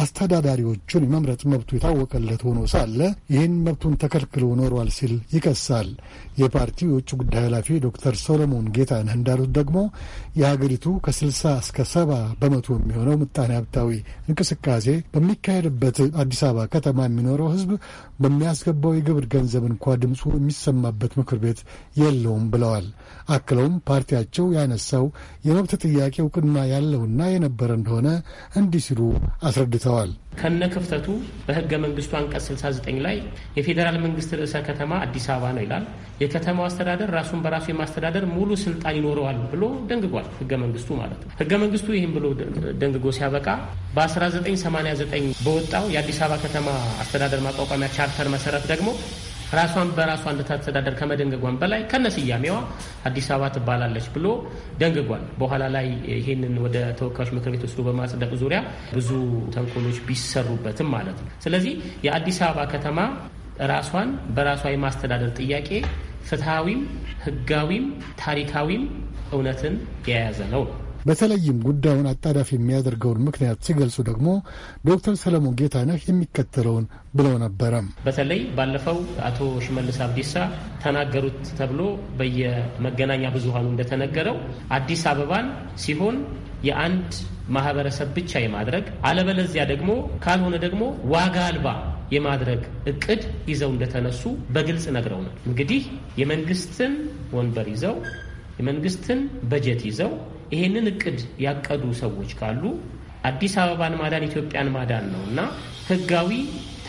አስተዳዳሪዎቹን የመምረጥ መብቱ የታወቀለት ሆኖ ሳለ ይህን መብቱን ተከልክሎ ኖሯል ሲል ይከሳል። የፓርቲው የውጭ ጉዳይ ኃላፊ ዶክተር ሶሎሞን ጌታነህ እንዳሉት ደግሞ የሀገሪቱ ከ60 እስከ 70 በመቶ የሚሆነው ምጣኔ ሀብታዊ እንቅስቃሴ በሚካሄድበት አዲስ አበባ ከተማ ከተማ የሚኖረው ህዝብ በሚያስገባው የግብር ገንዘብ እንኳ ድምፁ የሚሰማበት ምክር ቤት የለውም ብለዋል። አክለውም ፓርቲያቸው ያነሳው የመብት ጥያቄ እውቅና ያለውና የነበረ እንደሆነ እንዲህ ሲሉ አስረድተዋል። ከነ ክፍተቱ በህገ መንግስቱ አንቀጽ 69 ላይ የፌዴራል መንግስት ርዕሰ ከተማ አዲስ አበባ ነው ይላል። የከተማው አስተዳደር ራሱን በራሱ የማስተዳደር ሙሉ ስልጣን ይኖረዋል ብሎ ደንግጓል። ህገ መንግስቱ ማለት ነው። ህገ መንግስቱ ይህም ብሎ ደንግጎ ሲያበቃ በ1989 በወጣው የአዲስ አበባ ከተማ አስተዳደር ማቋቋሚያ ቻርተር መሰረት ደግሞ ራሷን በራሷ እንድታስተዳደር ከመደንገጓን በላይ ከነስያሜዋ አዲስ አበባ ትባላለች ብሎ ደንግጓል። በኋላ ላይ ይህንን ወደ ተወካዮች ምክር ቤት ወስዶ በማጽደቅ ዙሪያ ብዙ ተንኮሎች ቢሰሩበትም ማለት ነው። ስለዚህ የአዲስ አበባ ከተማ ራሷን በራሷ የማስተዳደር ጥያቄ ፍትሐዊም፣ ህጋዊም፣ ታሪካዊም እውነትን የያዘ ነው ነው በተለይም ጉዳዩን አጣዳፊ የሚያደርገውን ምክንያት ሲገልጹ ደግሞ ዶክተር ሰለሞን ጌታነህ የሚከተለውን ብለው ነበረ። በተለይ ባለፈው አቶ ሽመልስ አብዲሳ ተናገሩት ተብሎ በየመገናኛ ብዙሃኑ እንደተነገረው አዲስ አበባን ሲሆን የአንድ ማህበረሰብ ብቻ የማድረግ አለበለዚያ ደግሞ ካልሆነ ደግሞ ዋጋ አልባ የማድረግ እቅድ ይዘው እንደተነሱ በግልጽ ነግረውናል። እንግዲህ የመንግስትን ወንበር ይዘው የመንግስትን በጀት ይዘው ይሄንን እቅድ ያቀዱ ሰዎች ካሉ አዲስ አበባን ማዳን ኢትዮጵያን ማዳን ነው እና ህጋዊ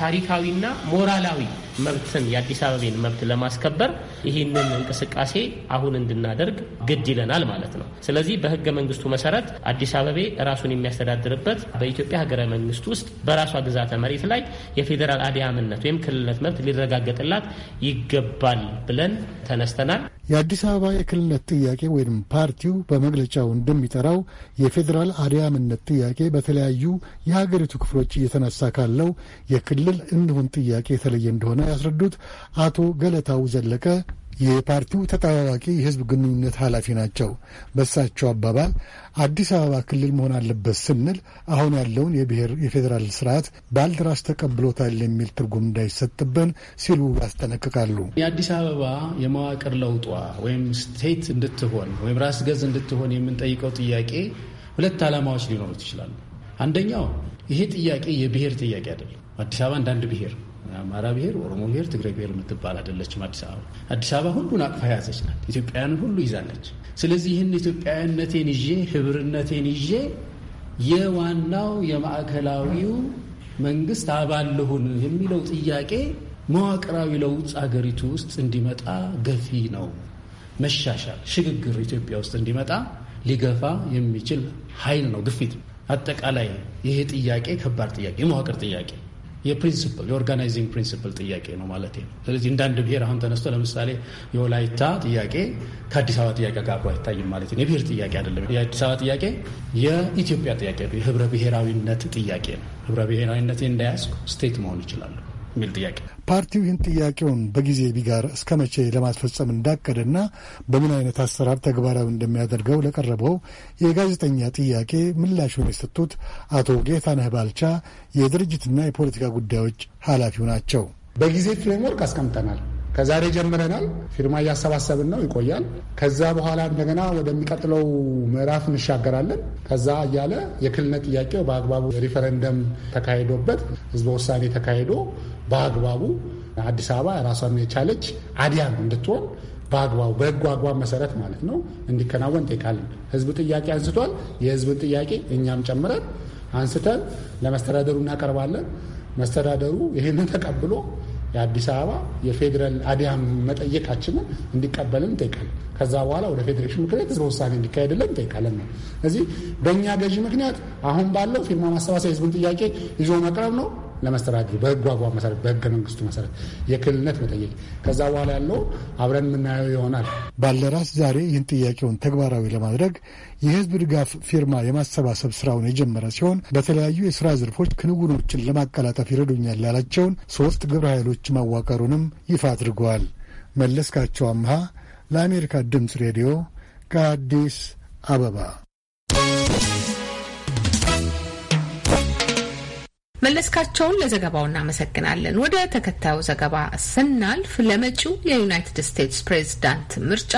ታሪካዊና ሞራላዊ መብትን የአዲስ አበባን መብት ለማስከበር ይህንን እንቅስቃሴ አሁን እንድናደርግ ግድ ይለናል ማለት ነው። ስለዚህ በህገ መንግስቱ መሰረት አዲስ አበቤ ራሱን የሚያስተዳድርበት በኢትዮጵያ ሀገረ መንግስት ውስጥ በራሷ ግዛተ መሬት ላይ የፌዴራል አድያምነት ወይም ክልልነት መብት ሊረጋገጥላት ይገባል ብለን ተነስተናል። የአዲስ አበባ የክልልነት ጥያቄ ወይም ፓርቲው በመግለጫው እንደሚጠራው የፌዴራል አድያምነት ጥያቄ በተለያዩ የሀገሪቱ ክፍሎች እየተነሳ ካለው የክልል እንሁን ጥያቄ የተለየ እንደሆነ ነው ያስረዱት አቶ ገለታው ዘለቀ የፓርቲው ተጠባባቂ የህዝብ ግንኙነት ኃላፊ ናቸው። በእሳቸው አባባል አዲስ አበባ ክልል መሆን አለበት ስንል አሁን ያለውን የብሔር የፌዴራል ስርዓት ባልደራስ ተቀብሎታል የሚል ትርጉም እንዳይሰጥብን ሲሉ ያስጠነቅቃሉ። የአዲስ አበባ የመዋቅር ለውጧ ወይም ስቴት እንድትሆን ወይም ራስ ገዝ እንድትሆን የምንጠይቀው ጥያቄ ሁለት ዓላማዎች ሊኖሩት ይችላሉ። አንደኛው ይሄ ጥያቄ የብሔር ጥያቄ አይደለም። አዲስ አበባ እንዳንድ ብሔር አማራ ብሔር፣ ኦሮሞ ብሔር፣ ትግራይ ብሔር የምትባል አይደለችም። አዲስ አበባ አዲስ አበባ ሁሉን አቅፋ የያዘች ናት። ኢትዮጵያውያንን ሁሉ ይዛለች። ስለዚህ ይህን ኢትዮጵያዊነቴን ይዤ ህብርነቴን ይዤ የዋናው የማዕከላዊው መንግስት አባል ልሁን የሚለው ጥያቄ መዋቅራዊ ለውጥ አገሪቱ ውስጥ እንዲመጣ ገፊ ነው። መሻሻል፣ ሽግግር ኢትዮጵያ ውስጥ እንዲመጣ ሊገፋ የሚችል ኃይል ነው፣ ግፊት። አጠቃላይ ይሄ ጥያቄ ከባድ ጥያቄ፣ መዋቅር ጥያቄ የፕሪንሲፕል የኦርጋናይዚንግ ፕሪንሲፕል ጥያቄ ነው ማለት ነው። ስለዚህ እንዳንድ ብሔር አሁን ተነስቶ ለምሳሌ የወላይታ ጥያቄ ከአዲስ አበባ ጥያቄ ጋር አብሮ አይታይም ማለት ነው። የብሔር ጥያቄ አይደለም። የአዲስ አበባ ጥያቄ የኢትዮጵያ ጥያቄ ነው። የህብረ ብሔራዊነት ጥያቄ ነው። ህብረ ብሔራዊነት እንዳያስኩ ስቴት መሆን ይችላሉ። የሚል ጥያቄ ፓርቲው ይህን ጥያቄውን በጊዜ ቢጋር እስከ መቼ ለማስፈጸም እንዳቀደና በምን አይነት አሰራር ተግባራዊ እንደሚያደርገው ለቀረበው የጋዜጠኛ ጥያቄ ምላሹን የሰጡት አቶ ጌታነህ ባልቻ የድርጅትና የፖለቲካ ጉዳዮች ኃላፊው ናቸው። በጊዜ ፍሬምወርክ አስቀምጠናል። ከዛሬ ጀምረናል። ፊርማ እያሰባሰብን ነው፣ ይቆያል። ከዛ በኋላ እንደገና ወደሚቀጥለው ምዕራፍ እንሻገራለን። ከዛ እያለ የክልልነት ጥያቄው በአግባቡ ሪፈረንደም ተካሂዶበት ህዝበ ውሳኔ ተካሂዶ በአግባቡ አዲስ አበባ ራሷን የቻለች አዲያም እንድትሆን በአግባቡ በህጉ አግባብ መሰረት ማለት ነው እንዲከናወን እንጠይቃለን። ህዝብ ጥያቄ አንስቷል። የህዝብን ጥያቄ እኛም ጨምረን አንስተን ለመስተዳደሩ እናቀርባለን። መስተዳደሩ ይህንን ተቀብሎ የአዲስ አበባ የፌዴራል አዲያም መጠየቃችንን እንዲቀበልን እንጠይቃለን። ከዛ በኋላ ወደ ፌዴሬሽን ምክር ቤት ህዝበ ውሳኔ እንዲካሄድልን እንጠይቃለን ነው። እዚህ በእኛ ገዢ ምክንያት አሁን ባለው ፊርማ ማሰባሰብ የህዝብን ጥያቄ ይዞ መቅረብ ነው። ለመስተዳድሩ በህጉ አግባብ መሰረት በህገ መንግስቱ መሰረት የክልልነት መጠየቅ ከዛ በኋላ ያለው አብረን የምናየው ይሆናል። ባለራስ ዛሬ ይህን ጥያቄውን ተግባራዊ ለማድረግ የህዝብ ድጋፍ ፊርማ የማሰባሰብ ስራውን የጀመረ ሲሆን በተለያዩ የስራ ዘርፎች ክንውኖችን ለማቀላጠፍ ይረዱኛል ያላቸውን ሶስት ግብረ ኃይሎች ማዋቀሩንም ይፋ አድርገዋል። መለስካቸው አምሃ ለአሜሪካ ድምፅ ሬዲዮ ከአዲስ አበባ መለስካቸውን ለዘገባው እናመሰግናለን። ወደ ተከታዩ ዘገባ ስናልፍ ለመጪው የዩናይትድ ስቴትስ ፕሬዝዳንት ምርጫ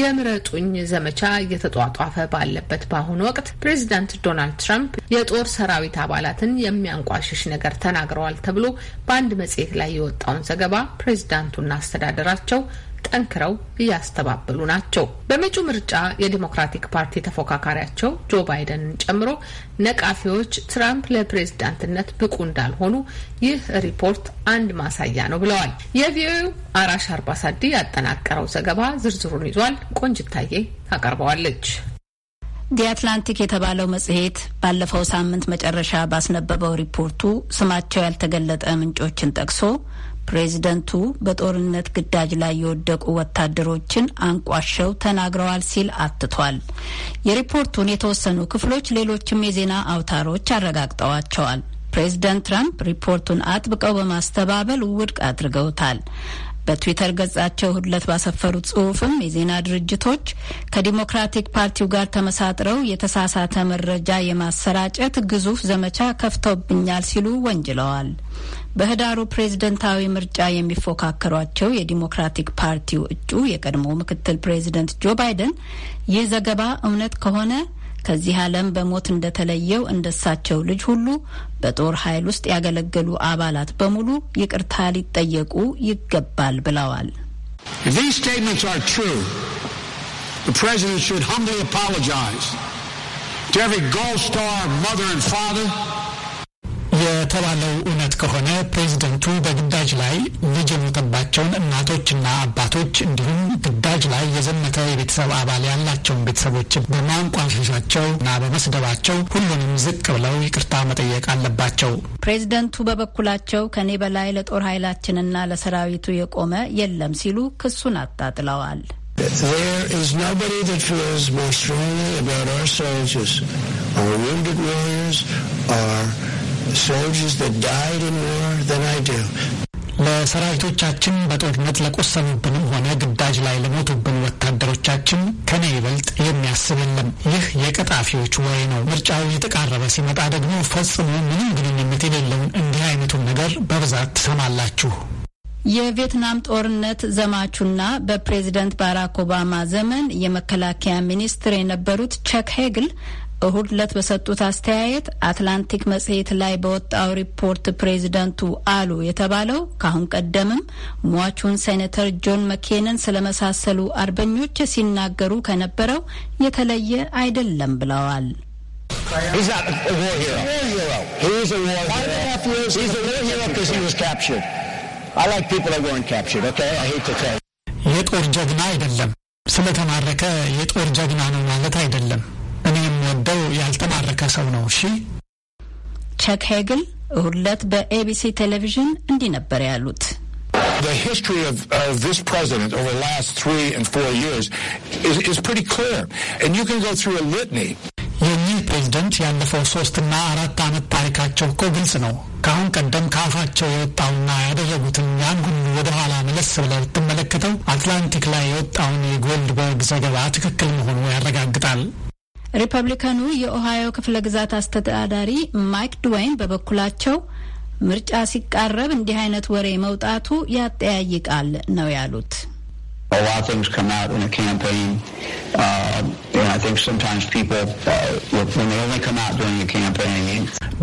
የምረጡኝ ዘመቻ እየተጧጧፈ ባለበት በአሁኑ ወቅት ፕሬዝዳንት ዶናልድ ትራምፕ የጦር ሰራዊት አባላትን የሚያንቋሽሽ ነገር ተናግረዋል ተብሎ በአንድ መጽሔት ላይ የወጣውን ዘገባ ፕሬዝዳንቱና አስተዳደራቸው ጠንክረው እያስተባበሉ ናቸው። በመጪው ምርጫ የዲሞክራቲክ ፓርቲ ተፎካካሪያቸው ጆ ባይደንን ጨምሮ ነቃፊዎች ትራምፕ ለፕሬዝዳንትነት ብቁ እንዳልሆኑ ይህ ሪፖርት አንድ ማሳያ ነው ብለዋል። የቪኦኤው አራሽ አርባሳዲ ያጠናቀረው ዘገባ ዝርዝሩን ይዟል። ቆንጅታዬ ታቀርበዋለች። ዲ አትላንቲክ የተባለው መጽሔት ባለፈው ሳምንት መጨረሻ ባስነበበው ሪፖርቱ ስማቸው ያልተገለጠ ምንጮችን ጠቅሶ ፕሬዝደንቱ በጦርነት ግዳጅ ላይ የወደቁ ወታደሮችን አንቋሸው ተናግረዋል ሲል አትቷል። የሪፖርቱን የተወሰኑ ክፍሎች ሌሎችም የዜና አውታሮች አረጋግጠዋቸዋል። ፕሬዝደንት ትራምፕ ሪፖርቱን አጥብቀው በማስተባበል ውድቅ አድርገውታል። በትዊተር ገጻቸው ሁለት ባሰፈሩት ጽሁፍም የዜና ድርጅቶች ከዲሞክራቲክ ፓርቲው ጋር ተመሳጥረው የተሳሳተ መረጃ የማሰራጨት ግዙፍ ዘመቻ ከፍተውብኛል ሲሉ ወንጅለዋል። በህዳሩ ፕሬዝደንታዊ ምርጫ የሚፎካከሯቸው የዲሞክራቲክ ፓርቲው እጩ የቀድሞ ምክትል ፕሬዝደንት ጆ ባይደን ይህ ዘገባ እውነት ከሆነ ከዚህ ዓለም በሞት እንደተለየው እንደሳቸው ልጅ ሁሉ በጦር ኃይል ውስጥ ያገለገሉ አባላት በሙሉ ይቅርታ ሊጠየቁ ይገባል ብለዋል። ፕሬዚደንት የተባለው እውነት ከሆነ ፕሬዝደንቱ በግዳጅ ላይ ልጅ የሞተባቸውን እናቶችና አባቶች እንዲሁም ግዳጅ ላይ የዘመተ የቤተሰብ አባል ያላቸውን ቤተሰቦች በማንቋሸሻቸው እና በመስደባቸው ሁሉንም ዝቅ ብለው ይቅርታ መጠየቅ አለባቸው። ፕሬዝደንቱ በበኩላቸው ከኔ በላይ ለጦር ኃይላችንና ለሰራዊቱ የቆመ የለም ሲሉ ክሱን አጣጥለዋል። There is nobody that feels more strongly about our soldiers, our wounded warriors, our ለሰራዊቶቻችን በጦርነት ለቆሰሉብንም ሆነ ግዳጅ ላይ ለሞቱብን ወታደሮቻችን ከኔ ይበልጥ የሚያስብ የለም። ይህ የቀጣፊዎች ወሬ ነው። ምርጫው እየተቃረበ ሲመጣ ደግሞ ፈጽሞ ምንም ግንኙነት የሌለውን እንዲህ አይነቱን ነገር በብዛት ትሰማላችሁ። የቪየትናም ጦርነት ዘማቹና በፕሬዚደንት ባራክ ኦባማ ዘመን የመከላከያ ሚኒስትር የነበሩት ቸክ ሄግል እሁድ ዕለት በሰጡት አስተያየት አትላንቲክ መጽሔት ላይ በወጣው ሪፖርት ፕሬዚደንቱ አሉ የተባለው ከአሁን ቀደምም ሟቹን ሴኔተር ጆን መኬንን ስለመሳሰሉ አርበኞች ሲናገሩ ከነበረው የተለየ አይደለም ብለዋል። የጦር ጀግና አይደለም። ስለተማረከ የጦር ጀግና ነው ማለት አይደለም። ያልተረዳው ያልተማረከ ሰው ነው። እሺ ቸክ ሄግል እሁድ ዕለት በኤቢሲ ቴሌቪዥን እንዲህ ነበር ያሉት። የእኚህ ፕሬዝደንት ያለፈው ሶስትና አራት ዓመት ታሪካቸው እኮ ግልጽ ነው። ከአሁን ቀደም ከአፋቸው የወጣውና ያደረጉትን ያን ሁሉ ወደ መለስ ብለህ ብትመለከተው አትላንቲክ ላይ የወጣውን የጎልድበርግ ዘገባ ትክክል መሆኑ ያረጋግጣል። ሪፐብሊካኑ የኦሃዮ ክፍለ ግዛት አስተዳዳሪ ማይክ ድዌይን በበኩላቸው ምርጫ ሲቃረብ እንዲህ አይነት ወሬ መውጣቱ ያጠያይቃል ነው ያሉት። um, uh,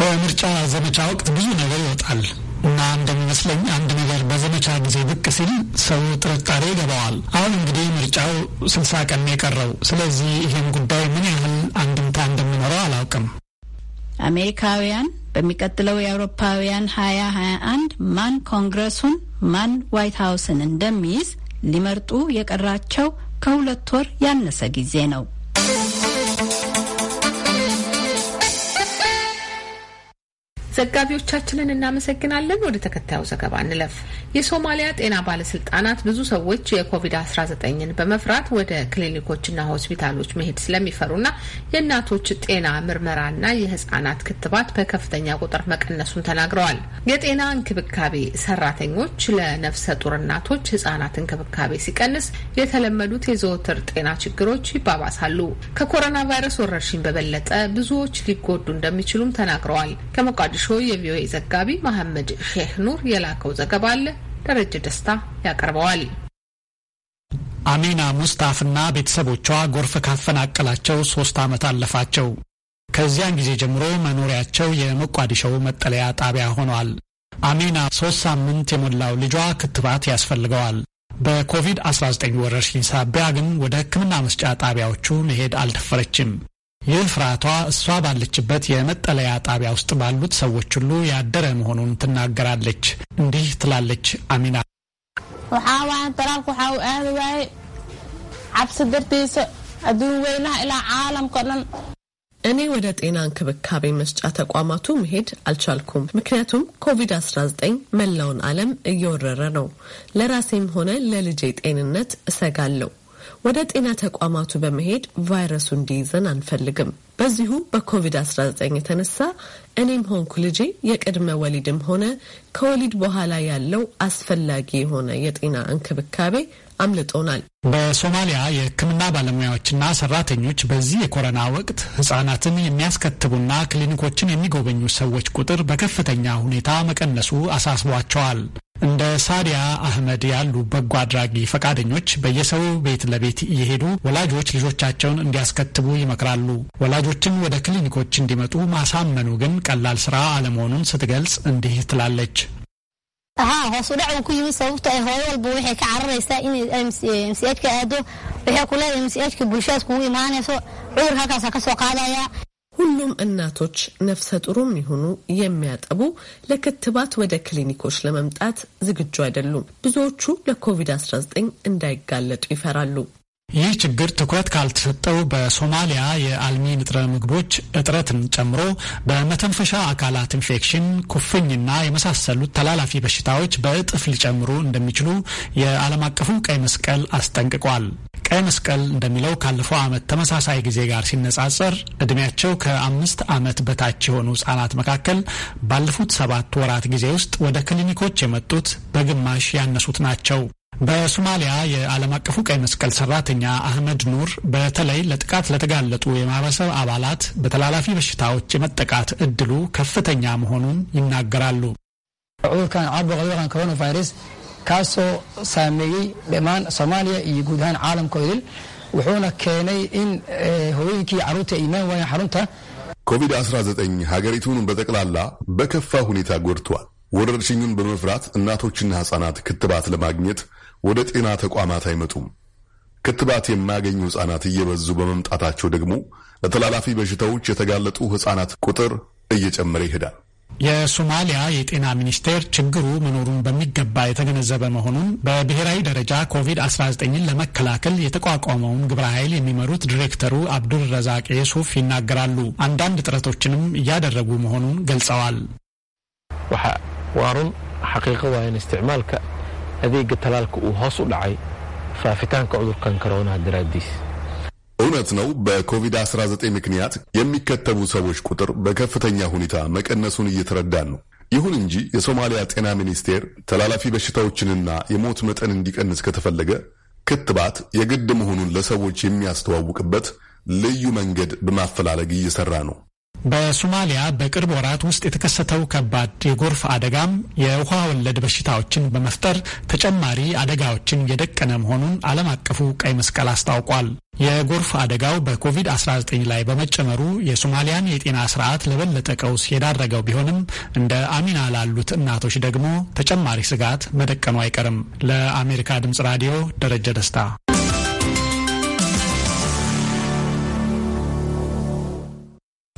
በምርጫ ዘመቻ ወቅት ብዙ ነገር ይወጣል። እና እንደሚመስለኝ አንድ ነገር በዘመቻ ጊዜ ብቅ ሲል ሰው ጥርጣሬ ይገባዋል። አሁን እንግዲህ ምርጫው ስልሳ ቀን የቀረው ስለዚህ ይህም ጉዳይ ምን ያህል አንድምታ እንደሚኖረው አላውቅም። አሜሪካውያን በሚቀጥለው የአውሮፓውያን ሀያ ሀያ አንድ ማን ኮንግረሱን ማን ዋይት ሀውስን እንደሚይዝ ሊመርጡ የቀራቸው ከሁለት ወር ያነሰ ጊዜ ነው። ዘጋቢዎቻችንን እናመሰግናለን። ወደ ተከታዩ ዘገባ እንለፍ። የሶማሊያ ጤና ባለስልጣናት ብዙ ሰዎች የኮቪድ-19ን በመፍራት ወደ ክሊኒኮችና ሆስፒታሎች መሄድ ስለሚፈሩና የእናቶች ጤና ምርመራና የህጻናት ክትባት በከፍተኛ ቁጥር መቀነሱን ተናግረዋል። የጤና እንክብካቤ ሰራተኞች ለነፍሰ ጡር እናቶች ህጻናት እንክብካቤ ሲቀንስ የተለመዱት የዘወትር ጤና ችግሮች ይባባሳሉ። ከኮሮና ቫይረስ ወረርሽኝ በበለጠ ብዙዎች ሊጎዱ እንደሚችሉም ተናግረዋል። ከሞቃዲሾ የቪኦኤ ዘጋቢ መሐመድ ሼህ ኑር የላከው ዘገባ አለ። ደረጀ ደስታ ያቀርበዋል። አሚና ሙስጣፍና ቤተሰቦቿ ጎርፍ ካፈናቀላቸው ሶስት ዓመት አለፋቸው። ከዚያን ጊዜ ጀምሮ መኖሪያቸው የሞቃዲሾው መጠለያ ጣቢያ ሆኗል። አሚና ሶስት ሳምንት የሞላው ልጇ ክትባት ያስፈልገዋል። በኮቪድ-19 ወረርሽኝ ሳቢያ ግን ወደ ሕክምና መስጫ ጣቢያዎቹ መሄድ አልደፈረችም። ይህ ፍርሃቷ እሷ ባለችበት የመጠለያ ጣቢያ ውስጥ ባሉት ሰዎች ሁሉ ያደረ መሆኑን ትናገራለች። እንዲህ ትላለች አሚና እኔ ወደ ጤና እንክብካቤ መስጫ ተቋማቱ መሄድ አልቻልኩም፣ ምክንያቱም ኮቪድ-19 መላውን ዓለም እየወረረ ነው። ለራሴም ሆነ ለልጄ ጤንነት እሰጋለሁ። ወደ ጤና ተቋማቱ በመሄድ ቫይረሱ እንዲይዘን አንፈልግም። በዚሁ በኮቪድ-19 የተነሳ እኔም ሆንኩ ልጄ የቅድመ ወሊድም ሆነ ከወሊድ በኋላ ያለው አስፈላጊ የሆነ የጤና እንክብካቤ አምልጦናል። በሶማሊያ የሕክምና ባለሙያዎችና ሰራተኞች በዚህ የኮሮና ወቅት ህጻናትን የሚያስከትቡና ክሊኒኮችን የሚጎበኙ ሰዎች ቁጥር በከፍተኛ ሁኔታ መቀነሱ አሳስቧቸዋል። እንደ ሳዲያ አህመድ ያሉ በጎ አድራጊ ፈቃደኞች በየሰው ቤት ለቤት እየሄዱ ወላጆች ልጆቻቸውን እንዲያስከትቡ ይመክራሉ። ወላጆችን ወደ ክሊኒኮች እንዲመጡ ማሳመኑ ግን ቀላል ስራ አለመሆኑን ስትገልጽ እንዲህ ትላለች። hoos u dhac uu ku yimid sababto ay hooyo walba waxay ka cararaysaa in msajka aado waxay ku leedahay msajka bulshadaas kugu imaanayso cudur halkaasa ka soo qaadaya እናቶች ነፍሰ ጥሩም ይሁኑ የሚያጠቡ ለክትባት ወደ ክሊኒኮች ለመምጣት ዝግጁ አይደሉም። ብዙዎቹ ለኮቪድ-19 እንዳይጋለጡ ይፈራሉ። ይህ ችግር ትኩረት ካልተሰጠው በሶማሊያ የአልሚ ንጥረ ምግቦች እጥረትን ጨምሮ በመተንፈሻ አካላት ኢንፌክሽን፣ ኩፍኝና የመሳሰሉት ተላላፊ በሽታዎች በእጥፍ ሊጨምሩ እንደሚችሉ የዓለም አቀፉ ቀይ መስቀል አስጠንቅቋል። ቀይ መስቀል እንደሚለው ካለፈው ዓመት ተመሳሳይ ጊዜ ጋር ሲነጻጸር እድሜያቸው ከአምስት ዓመት በታች የሆኑ ህጻናት መካከል ባለፉት ሰባት ወራት ጊዜ ውስጥ ወደ ክሊኒኮች የመጡት በግማሽ ያነሱት ናቸው። በሶማሊያ የዓለም አቀፉ ቀይ መስቀል ሰራተኛ አህመድ ኑር በተለይ ለጥቃት ለተጋለጡ የማህበረሰብ አባላት በተላላፊ በሽታዎች የመጠቃት እድሉ ከፍተኛ መሆኑን ይናገራሉ። kaasoo saameeyey dhammaan soomaaliya iyo guud ahaan caalamkao idil wuxuuna keenay in haweenkii eh, carruurta imaan waayeen xarunta ኮቪድ-19 ሀገሪቱን በጠቅላላ በከፋ ሁኔታ ጎድቷል። ወረርሽኙን በመፍራት እናቶችና ሕፃናት ክትባት ለማግኘት ወደ ጤና ተቋማት አይመጡም። ክትባት የማያገኙ ሕፃናት እየበዙ በመምጣታቸው ደግሞ ለተላላፊ በሽታዎች የተጋለጡ ሕፃናት ቁጥር እየጨመረ ይሄዳል። የሶማሊያ የጤና ሚኒስቴር ችግሩ መኖሩን በሚገባ የተገነዘበ መሆኑን በብሔራዊ ደረጃ ኮቪድ-19ን ለመከላከል የተቋቋመውን ግብረ ኃይል የሚመሩት ዲሬክተሩ አብዱል ረዛቅ የሱፍ ይናገራሉ። አንዳንድ ጥረቶችንም እያደረጉ መሆኑን ገልጸዋል። ዋሩን ሐቂቀ ዋይን እስትዕማልከ አዴገ ተላልከ ሆሱ ዳዓይ ፋፊታንከ ዑዱርካን ከሮና ድራዲስ እውነት ነው። በኮቪድ-19 ምክንያት የሚከተቡ ሰዎች ቁጥር በከፍተኛ ሁኔታ መቀነሱን እየተረዳን ነው። ይሁን እንጂ የሶማሊያ ጤና ሚኒስቴር ተላላፊ በሽታዎችንና የሞት መጠን እንዲቀንስ ከተፈለገ ክትባት የግድ መሆኑን ለሰዎች የሚያስተዋውቅበት ልዩ መንገድ በማፈላለግ እየሰራ ነው። በሶማሊያ በቅርብ ወራት ውስጥ የተከሰተው ከባድ የጎርፍ አደጋም የውሃ ወለድ በሽታዎችን በመፍጠር ተጨማሪ አደጋዎችን የደቀነ መሆኑን ዓለም አቀፉ ቀይ መስቀል አስታውቋል። የጎርፍ አደጋው በኮቪድ-19 ላይ በመጨመሩ የሶማሊያን የጤና ስርዓት ለበለጠ ቀውስ የዳረገው ቢሆንም እንደ አሚና ላሉት እናቶች ደግሞ ተጨማሪ ስጋት መደቀኑ አይቀርም። ለአሜሪካ ድምጽ ራዲዮ ደረጀ ደስታ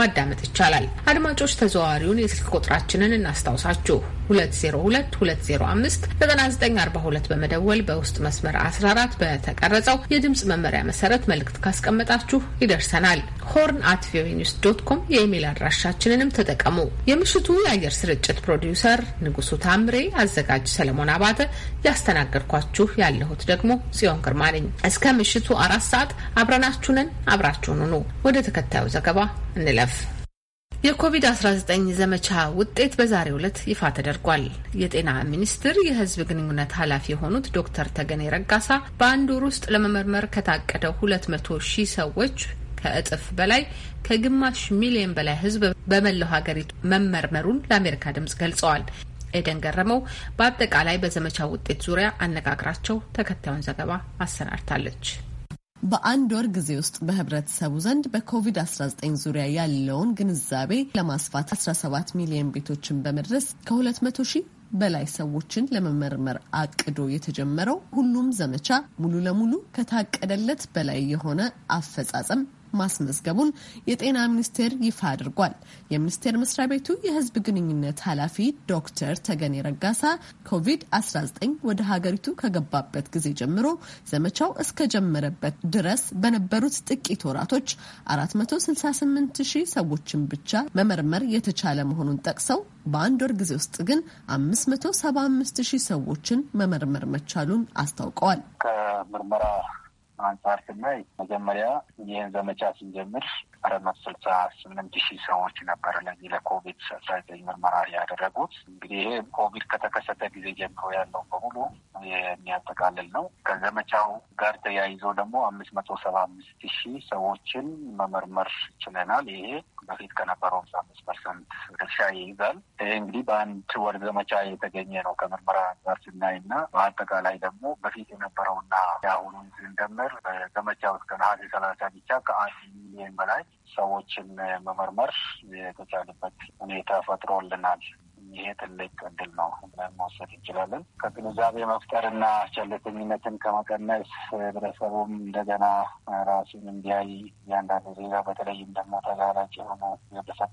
ማዳመጥ ይቻላል። አድማጮች ተዘዋዋሪውን የስልክ ቁጥራችንን እናስታውሳችሁ 2022059942 በመደወል በውስጥ መስመር 14 በተቀረጸው የድምፅ መመሪያ መሰረት መልእክት ካስቀመጣችሁ ይደርሰናል። ሆርን አት ቪኦኤ ኒውስ ዶት ኮም የኢሜይል አድራሻችንንም ተጠቀሙ። የምሽቱ የአየር ስርጭት ፕሮዲውሰር ንጉሱ ታምሬ፣ አዘጋጅ ሰለሞን አባተ፣ ያስተናገድኳችሁ ያለሁት ደግሞ ጽዮን ግርማ ነኝ። እስከ ምሽቱ አራት ሰዓት አብረናችሁንን አብራችሁን ኑ። ወደ ተከታዩ ዘገባ እንለ። ማለፍ የኮቪድ-19 ዘመቻ ውጤት በዛሬው ዕለት ይፋ ተደርጓል። የጤና ሚኒስቴር የሕዝብ ግንኙነት ኃላፊ የሆኑት ዶክተር ተገኔ ረጋሳ በአንድ ወር ውስጥ ለመመርመር ከታቀደው 200 ሺህ ሰዎች ከእጥፍ በላይ ከግማሽ ሚሊዮን በላይ ሕዝብ በመላው ሀገሪቱ መመርመሩን ለአሜሪካ ድምጽ ገልጸዋል። ኤደን ገረመው በአጠቃላይ በዘመቻ ውጤት ዙሪያ አነጋግራቸው ተከታዩን ዘገባ አሰናድታለች። በአንድ ወር ጊዜ ውስጥ በህብረተሰቡ ዘንድ በኮቪድ-19 ዙሪያ ያለውን ግንዛቤ ለማስፋት 17 ሚሊዮን ቤቶችን በመድረስ ከ200 ሺህ በላይ ሰዎችን ለመመርመር አቅዶ የተጀመረው ሁሉም ዘመቻ ሙሉ ለሙሉ ከታቀደለት በላይ የሆነ አፈጻጸም ማስመዝገቡን የጤና ሚኒስቴር ይፋ አድርጓል። የሚኒስቴር መስሪያ ቤቱ የሕዝብ ግንኙነት ኃላፊ ዶክተር ተገኔ ረጋሳ ኮቪድ-19 ወደ ሀገሪቱ ከገባበት ጊዜ ጀምሮ ዘመቻው እስከጀመረበት ድረስ በነበሩት ጥቂት ወራቶች 468 ሺህ ሰዎችን ብቻ መመርመር የተቻለ መሆኑን ጠቅሰው በአንድ ወር ጊዜ ውስጥ ግን 575 ሺህ ሰዎችን መመርመር መቻሉን አስታውቀዋል። ከምርመራ አንጻር ስናይ መጀመሪያ ይህን ዘመቻ ስንጀምር አራት መቶ ስልሳ ስምንት ሺህ ሰዎች ነበር ለዚህ ለኮቪድ አስራ ዘጠኝ ምርመራ ያደረጉት። እንግዲህ ይሄ ኮቪድ ከተከሰተ ጊዜ ጀምሮ ያለው በሙሉ የሚያጠቃልል ነው። ከዘመቻው ጋር ተያይዞ ደግሞ አምስት መቶ ሰባ አምስት ሺህ ሰዎችን መመርመር ችለናል። ይሄ በፊት ከነበረው አምስት ፐርሰንት ድርሻ ይይዛል። ይህ እንግዲህ በአንድ ወር ዘመቻ የተገኘ ነው ከምርመራ ጋር ስናይ እና በአጠቃላይ ደግሞ በፊት የነበረውና የአሁኑን ስንደምር በዘመቻ እስከ ነሐሴ ሰላሳ ብቻ ከአንድ ሚሊዮን በላይ ሰዎችን መመርመር የተቻለበት ሁኔታ ፈጥሮልናል። ይሄ ትልቅ እድል ነው ብለን መውሰድ እንችላለን። ከግንዛቤ መፍጠርና ቸልተኝነትን ከመቀነስ ህብረተሰቡም እንደገና ራሱን እንዲያይ እያንዳንዱ ዜጋ በተለይም ደግሞ ተጋላጭ የሆኑ የህብረተሰብ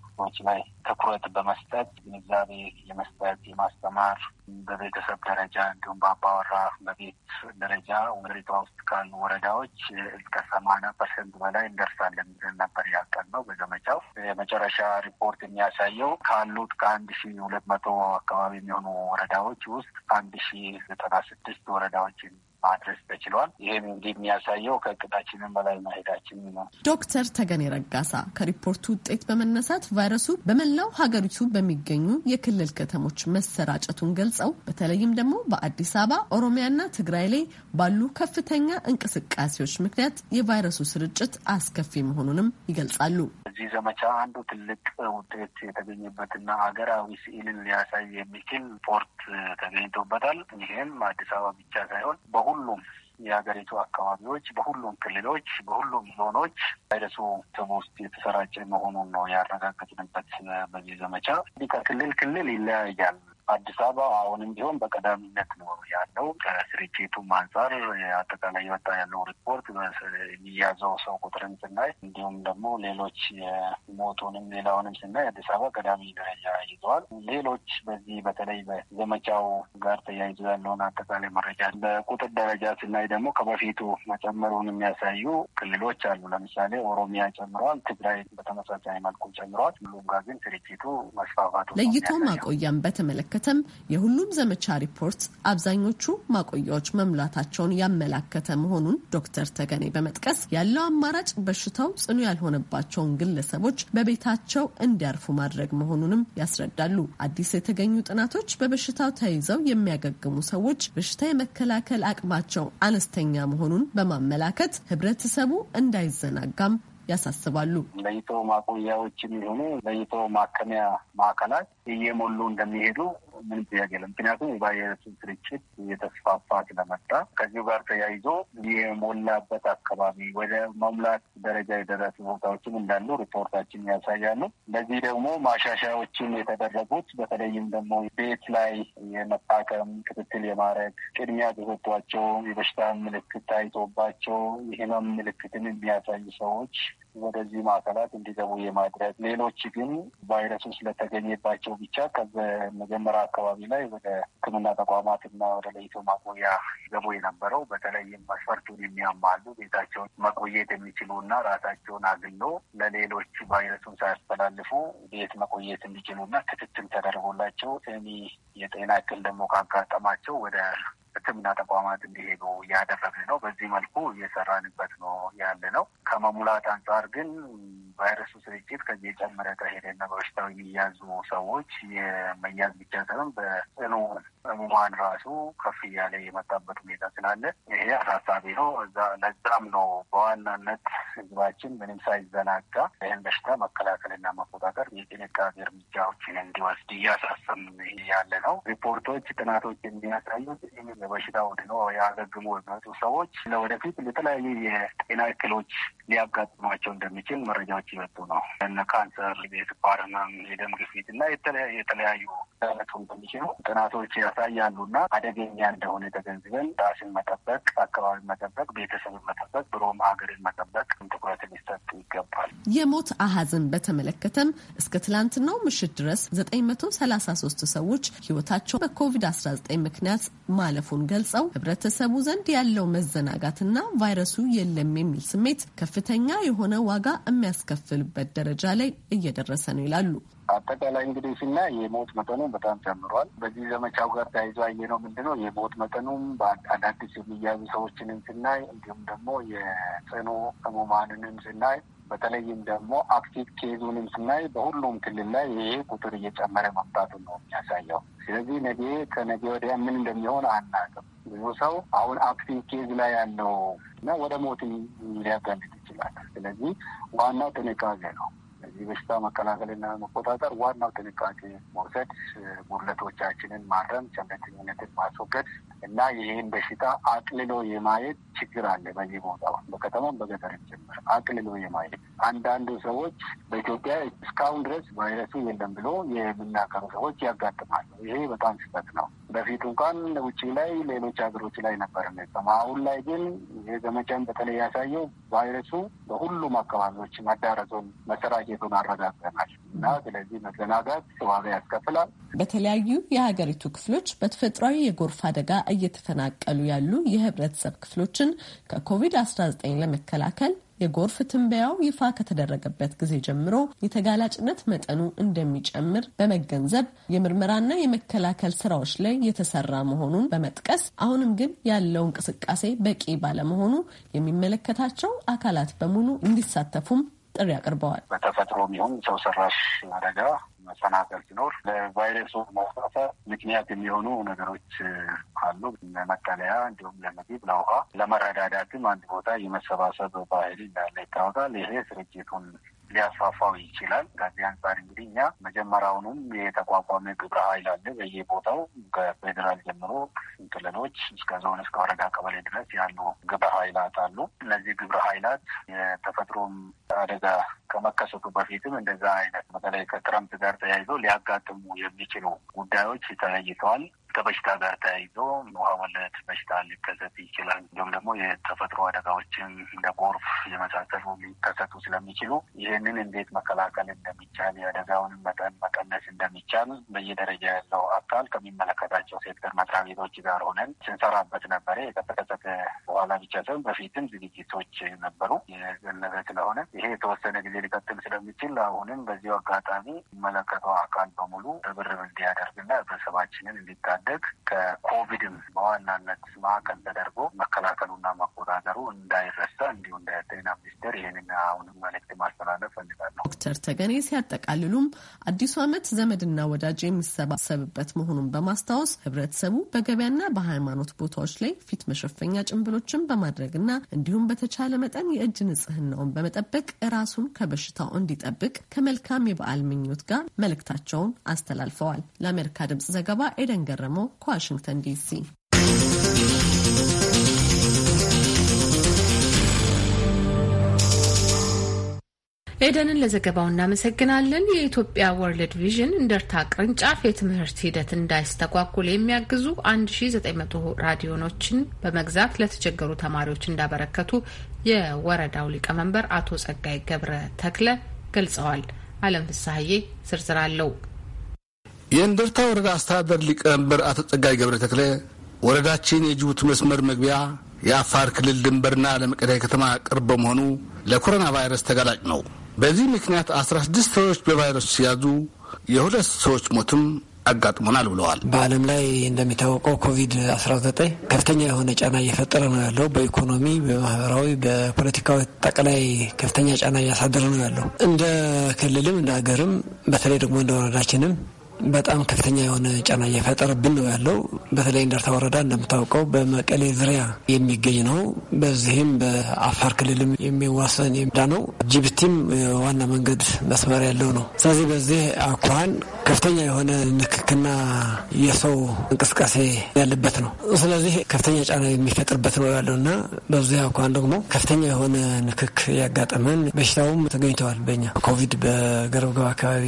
ላይ ትኩረት በመስጠት ግንዛቤ የመስጠት የማስተማር በቤተሰብ ደረጃ እንዲሁም በአባወራ በቤት ደረጃ ወሬቷ ውስጥ ካሉ ወረዳዎች እስከ ሰማንያ ፐርሰንት በላይ እንደርሳለን ብለን ነበር ያቀድነው በዘመቻው። የመጨረሻ ሪፖርት የሚያሳየው ካሉት ከአንድ ሺ ሁለት ሁለት መቶ አካባቢ የሚሆኑ ወረዳዎች ውስጥ አንድ ሺ ዘጠና ስድስት ወረዳዎችን ማድረስ ተችሏል። ይህም እንግዲህ የሚያሳየው ከእቅዳችንን በላይ መሄዳችን ነው። ዶክተር ተገኔ ረጋሳ ከሪፖርቱ ውጤት በመነሳት ቫይረሱ በመላው ሀገሪቱ በሚገኙ የክልል ከተሞች መሰራጨቱን ገልጸው በተለይም ደግሞ በአዲስ አበባ፣ ኦሮሚያና ትግራይ ላይ ባሉ ከፍተኛ እንቅስቃሴዎች ምክንያት የቫይረሱ ስርጭት አስከፊ መሆኑንም ይገልጻሉ። እዚህ ዘመቻ አንዱ ትልቅ ውጤት የተገኘበትና ሀገራዊ ስዕልን ሊያሳይ የሚችል ሪፖርት ተገኝቶበታል። ይህም አዲስ አበባ ብቻ ሳይሆን በሁ በሁሉም የሀገሪቱ አካባቢዎች በሁሉም ክልሎች በሁሉም ዞኖች ቫይረሱ ህብረተሰቡ ውስጥ የተሰራጨ መሆኑን ነው ያረጋገጥንበት። በዚህ ዘመቻ ከክልል ክልል ይለያያል። አዲስ አበባ አሁንም ቢሆን በቀዳሚነት ነው ያለው። ከስርጭቱም አንጻር አጠቃላይ የወጣ ያለው ሪፖርት የሚያዘው ሰው ቁጥርን ስናይ፣ እንዲሁም ደግሞ ሌሎች የሞቱንም ሌላውንም ስናይ አዲስ አበባ ቀዳሚ ደረጃ ይዘዋል። ሌሎች በዚህ በተለይ በዘመቻው ጋር ተያይዞ ያለውን አጠቃላይ መረጃ በቁጥር ደረጃ ስናይ ደግሞ ከበፊቱ መጨመሩን የሚያሳዩ ክልሎች አሉ። ለምሳሌ ኦሮሚያ ጨምረዋል። ትግራይ በተመሳሳይ መልኩ ጨምረዋል። ሁሉም ጋር ግን ስርጭቱ መስፋፋቱ ለይቶ ማቆያም በተመለከ በተመለከተም የሁሉም ዘመቻ ሪፖርት አብዛኞቹ ማቆያዎች መምላታቸውን ያመላከተ መሆኑን ዶክተር ተገኔ በመጥቀስ ያለው አማራጭ በሽታው ጽኑ ያልሆነባቸውን ግለሰቦች በቤታቸው እንዲያርፉ ማድረግ መሆኑንም ያስረዳሉ። አዲስ የተገኙ ጥናቶች በበሽታው ተይዘው የሚያገግሙ ሰዎች በሽታ የመከላከል አቅማቸው አነስተኛ መሆኑን በማመላከት ህብረተሰቡ እንዳይዘናጋም ያሳስባሉ። ለይቶ ማቆያዎች የሚሆኑ ለይቶ ማከሚያ ማዕከላት እየሞሉ እንደሚሄዱ ምንም ጥያቄ የለም። ምክንያቱም የቫይረሱ ስርጭት እየተስፋፋ ስለመጣ ከዚሁ ጋር ተያይዞ የሞላበት አካባቢ ወደ መሙላት ደረጃ የደረሱ ቦታዎችም እንዳሉ ሪፖርታችን ያሳያሉ። ለዚህ ደግሞ ማሻሻያዎችም የተደረጉት በተለይም ደግሞ ቤት ላይ የመታከም ክትትል የማድረግ ቅድሚያ ተሰጥቷቸው የበሽታ ምልክት ታይቶባቸው የህመም ምልክትን የሚያሳዩ ሰዎች ወደዚህ ማዕከላት እንዲገቡ የማድረግ ሌሎች ግን ቫይረሱ ስለተገኘባቸው ብቻ ከመጀመሪያ አካባቢ ላይ ወደ ሕክምና ተቋማትና ወደ ለይቶ ማቆያ ገቡ የነበረው በተለይም መስፈርቱን የሚያማሉ ቤታቸውን መቆየት የሚችሉ እና ራሳቸውን አግሎ ለሌሎች ቫይረሱን ሳያስተላልፉ ቤት መቆየት እንዲችሉ የሚችሉና ክትትል ተደርጎላቸው እኒ የጤና እክል ደግሞ ካጋጠማቸው ወደ ሕክምና ተቋማት እንዲሄዱ እያደረግን ነው። በዚህ መልኩ እየሰራንበት ነው ያለ ነው። ከመሙላት አንጻር ግን ቫይረሱ ስርጭት ከዚህ የጨመረ ከሄደና በበሽታው የሚያዙ ሰዎች የመያዝ ብቻ ሳይሆን በጽኑ ህሙማን ራሱ ከፍ እያለ የመጣበት ሁኔታ ስላለ ይሄ አሳሳቢ ነው። እዛ ለዛም ነው በዋናነት ህዝባችን ምንም ሳይዘናጋ ይህን በሽታ መከላከልና መቆጣጠር የጥንቃቄ እርምጃዎችን እንዲወስድ እያሳሰም ያለ ነው። ሪፖርቶች፣ ጥናቶች የሚያሳዩት የበሽታ በሽታ ነው ያገግሙ የሚመጡ ሰዎች ለወደፊት ለተለያዩ የጤና እክሎች ሊያጋጥሟቸው እንደሚችል መረጃዎች ህመሞች የመጡ ነው። እነ ካንሰር፣ የስኳር ህመም፣ የደም ግፊት እና የተለያዩ ሊመጡ እንደሚችሉ ጥናቶች ያሳያሉ እና አደገኛ እንደሆነ ተገንዝበን ራስን መጠበቅ፣ አካባቢ መጠበቅ፣ ቤተሰብን መጠበቅ ብሮም ሀገርን መጠበቅ ትኩረት ሊሰጥ ይገባል። የሞት አሀዝን በተመለከተም እስከ ትላንትናው ምሽት ድረስ ዘጠኝ መቶ ሰላሳ ሶስት ሰዎች ህይወታቸው በኮቪድ አስራ ዘጠኝ ምክንያት ማለፉን ገልጸው ህብረተሰቡ ዘንድ ያለው መዘናጋትና ቫይረሱ የለም የሚል ስሜት ከፍተኛ የሆነ ዋጋ የሚያስከ የምናስከፍልበት ደረጃ ላይ እየደረሰ ነው ይላሉ። አጠቃላይ እንግዲህ ስናይ የሞት መጠኑ በጣም ጨምሯል። በዚህ ዘመቻው ጋር ተያይዞ ነው ምንድነው የሞት መጠኑም አዳዲስ የሚያዙ ሰዎችንም ስናይ፣ እንዲሁም ደግሞ የጽኑ ህሙማንንም ስናይ በተለይም ደግሞ አክቲቭ ኬዙንም ስናይ በሁሉም ክልል ላይ ይሄ ቁጥር እየጨመረ መምጣቱን ነው የሚያሳየው። ስለዚህ ነገ ከነገ ወዲያ ምን እንደሚሆን አናውቅም። ብዙ ሰው አሁን አክቲቭ ኬዝ ላይ ያለው እና ወደ ሞት ሊያጋልጥ ይችላል። ስለዚህ ዋናው ጥንቃቄ ነው። ስለዚህ በሽታ መከላከልና መቆጣጠር ዋናው ጥንቃቄ መውሰድ፣ ጉድለቶቻችንን ማረም፣ ቸልተኝነትን ማስወገድ እና ይህን በሽታ አቅልሎ የማየት ችግር አለ። በዚህ ቦታ ውስጥ በከተማም በገጠርም ጭምር አቅልሎ የማየት አንዳንዱ ሰዎች በኢትዮጵያ እስካሁን ድረስ ቫይረሱ የለም ብሎ የሚናገሩ ሰዎች ያጋጥማሉ። ይሄ በጣም ስህተት ነው። በፊት እንኳን ውጭ ላይ ሌሎች ሀገሮች ላይ ነበር የሚሰማ። አሁን ላይ ግን ዘመቻን በተለይ ያሳየው ቫይረሱ በሁሉም አካባቢዎች መዳረሱን መሰራጨቱን አረጋግጠናል እና ስለዚህ መዘናጋት ዋጋ ያስከፍላል። በተለያዩ የሀገሪቱ ክፍሎች በተፈጥሯዊ የጎርፍ አደጋ እየተፈናቀሉ ያሉ የህብረተሰብ ክፍሎችን ከኮቪድ-19 ለመከላከል የጎርፍ ትንበያው ይፋ ከተደረገበት ጊዜ ጀምሮ የተጋላጭነት መጠኑ እንደሚጨምር በመገንዘብ የምርመራና የመከላከል ስራዎች ላይ የተሰራ መሆኑን በመጥቀስ አሁንም ግን ያለው እንቅስቃሴ በቂ ባለመሆኑ የሚመለከታቸው አካላት በሙሉ እንዲሳተፉም ጥሪ አቅርበዋል። በተፈጥሮ ሆን ሰው ሰራሽ አደጋ መሰናከል ሲኖር ለቫይረሱ ማስፋፋት ምክንያት የሚሆኑ ነገሮች አሉ። ለመቀለያ እንዲሁም ለምግብ፣ ለውሃ፣ ለመረዳዳትም አንድ ቦታ የመሰባሰብ ባህል እንዳለ ይታወቃል። ይሄ ስርጭቱን ሊያስፋፋው ይችላል። ከዚህ አንጻር እንግዲህ እኛ መጀመሪያውኑም የተቋቋመ ግብረ ኃይል አለ በየቦታው ከፌዴራል ጀምሮ ክልሎች እስከ ዞን እስከ ወረዳ ቀበሌ ድረስ ያሉ ግብረ ኃይላት አሉ። እነዚህ ግብረ ኃይላት የተፈጥሮም አደጋ ከመከሰቱ በፊትም እንደዛ አይነት በተለይ ከክረምት ጋር ተያይዞ ሊያጋጥሙ የሚችሉ ጉዳዮች ተለይተዋል። ከበሽታ ጋር ተያይዞ ውሃ ወለድ በሽታ ሊከሰት ይችላል። እንዲሁም ደግሞ የተፈጥሮ አደጋዎችን እንደ ጎርፍ የመሳሰሉ ሊከሰቱ ስለሚችሉ ይህንን እንዴት መከላከል እንደሚቻል የአደጋውን መጠን መቀነስ እንደሚቻል በየደረጃ ያለው አካል ከሚመለከታቸው ሴክተር መስሪያ ቤቶች ጋር ሆነን ስንሰራበት ነበረ። የተከሰተ በኋላ ብቻ ሳይሆን በፊትም ዝግጅቶች ነበሩ የገለበ ስለሆነ ይሄ የተወሰነ ጊዜ ሊቀጥል ስለሚችል አሁንም በዚሁ አጋጣሚ የሚመለከተው አካል በሙሉ ርብርብ እንዲያደርግና ህብረተሰባችንን እንዲታ ማሳደግ ከኮቪድም በዋናነት ማዕከል ተደርጎ መከላከሉና መቆጣጠሩ እንዳይረሳ እንዲሁ እንደ ጤና ሚኒስቴር ይህንን አሁንም መልዕክት ማስተላለፍ ፈልጋለሁ። ዶክተር ተገኔ ሲያጠቃልሉም አዲሱ ዓመት ዘመድና ወዳጅ የሚሰባሰብበት መሆኑን በማስታወስ ህብረተሰቡ በገበያና በሃይማኖት ቦታዎች ላይ ፊት መሸፈኛ ጭንብሎችን በማድረግና እንዲሁም በተቻለ መጠን የእጅ ንጽህናውን በመጠበቅ ራሱን ከበሽታው እንዲጠብቅ ከመልካም የበዓል ምኞት ጋር መልእክታቸውን አስተላልፈዋል። ለአሜሪካ ድምጽ ዘገባ ኤደን ገረመ ደግሞ ከዋሽንግተን ዲሲ ኤደንን ለዘገባው እናመሰግናለን። የኢትዮጵያ ወርልድ ቪዥን እንደርታ ቅርንጫፍ የትምህርት ሂደት እንዳይስተጓጉል የሚያግዙ 1900 ራዲዮኖችን በመግዛት ለተቸገሩ ተማሪዎች እንዳበረከቱ የወረዳው ሊቀመንበር አቶ ጸጋይ ገብረ ተክለ ገልጸዋል። አለም ፍሳሀዬ ዝርዝር አለው። የእንደርታ ወረዳ አስተዳደር ሊቀመንበር አቶ ጸጋይ ገብረ ተክለ ወረዳችን የጅቡቲ መስመር መግቢያ የአፋር ክልል ድንበርና ለመቀዳይ ከተማ ቅርብ በመሆኑ ለኮሮና ቫይረስ ተጋላጭ ነው። በዚህ ምክንያት ስድስት ሰዎች በቫይረሱ ሲያዙ የሁለት ሰዎች ሞትም አጋጥሞናል ብለዋል። በዓለም ላይ እንደሚታወቀው ኮቪድ-19 ከፍተኛ የሆነ ጫና እየፈጠረ ነው ያለው። በኢኮኖሚ፣ በማህበራዊ፣ በፖለቲካዊ ጠቅላይ ከፍተኛ ጫና እያሳደረ ነው ያለው። እንደ ክልልም እንደ ሀገርም በተለይ ደግሞ እንደ ወረዳችንም በጣም ከፍተኛ የሆነ ጫና እየፈጠረብን ነው ያለው። በተለይ እንደርታ ወረዳ እንደምታውቀው በመቀሌ ዙሪያ የሚገኝ ነው። በዚህም በአፋር ክልልም የሚዋሰን የሚዳ ነው። ጅቡቲም ዋና መንገድ መስመር ያለው ነው። ስለዚህ በዚህ አኳን ከፍተኛ የሆነ ንክክና የሰው እንቅስቃሴ ያለበት ነው። ስለዚህ ከፍተኛ ጫና የሚፈጥርበት ነው ያለው እና በዚያ እንኳን ደግሞ ከፍተኛ የሆነ ንክክ ያጋጠመን በሽታውም ተገኝተዋል። በኛ ኮቪድ በገረብገባ አካባቢ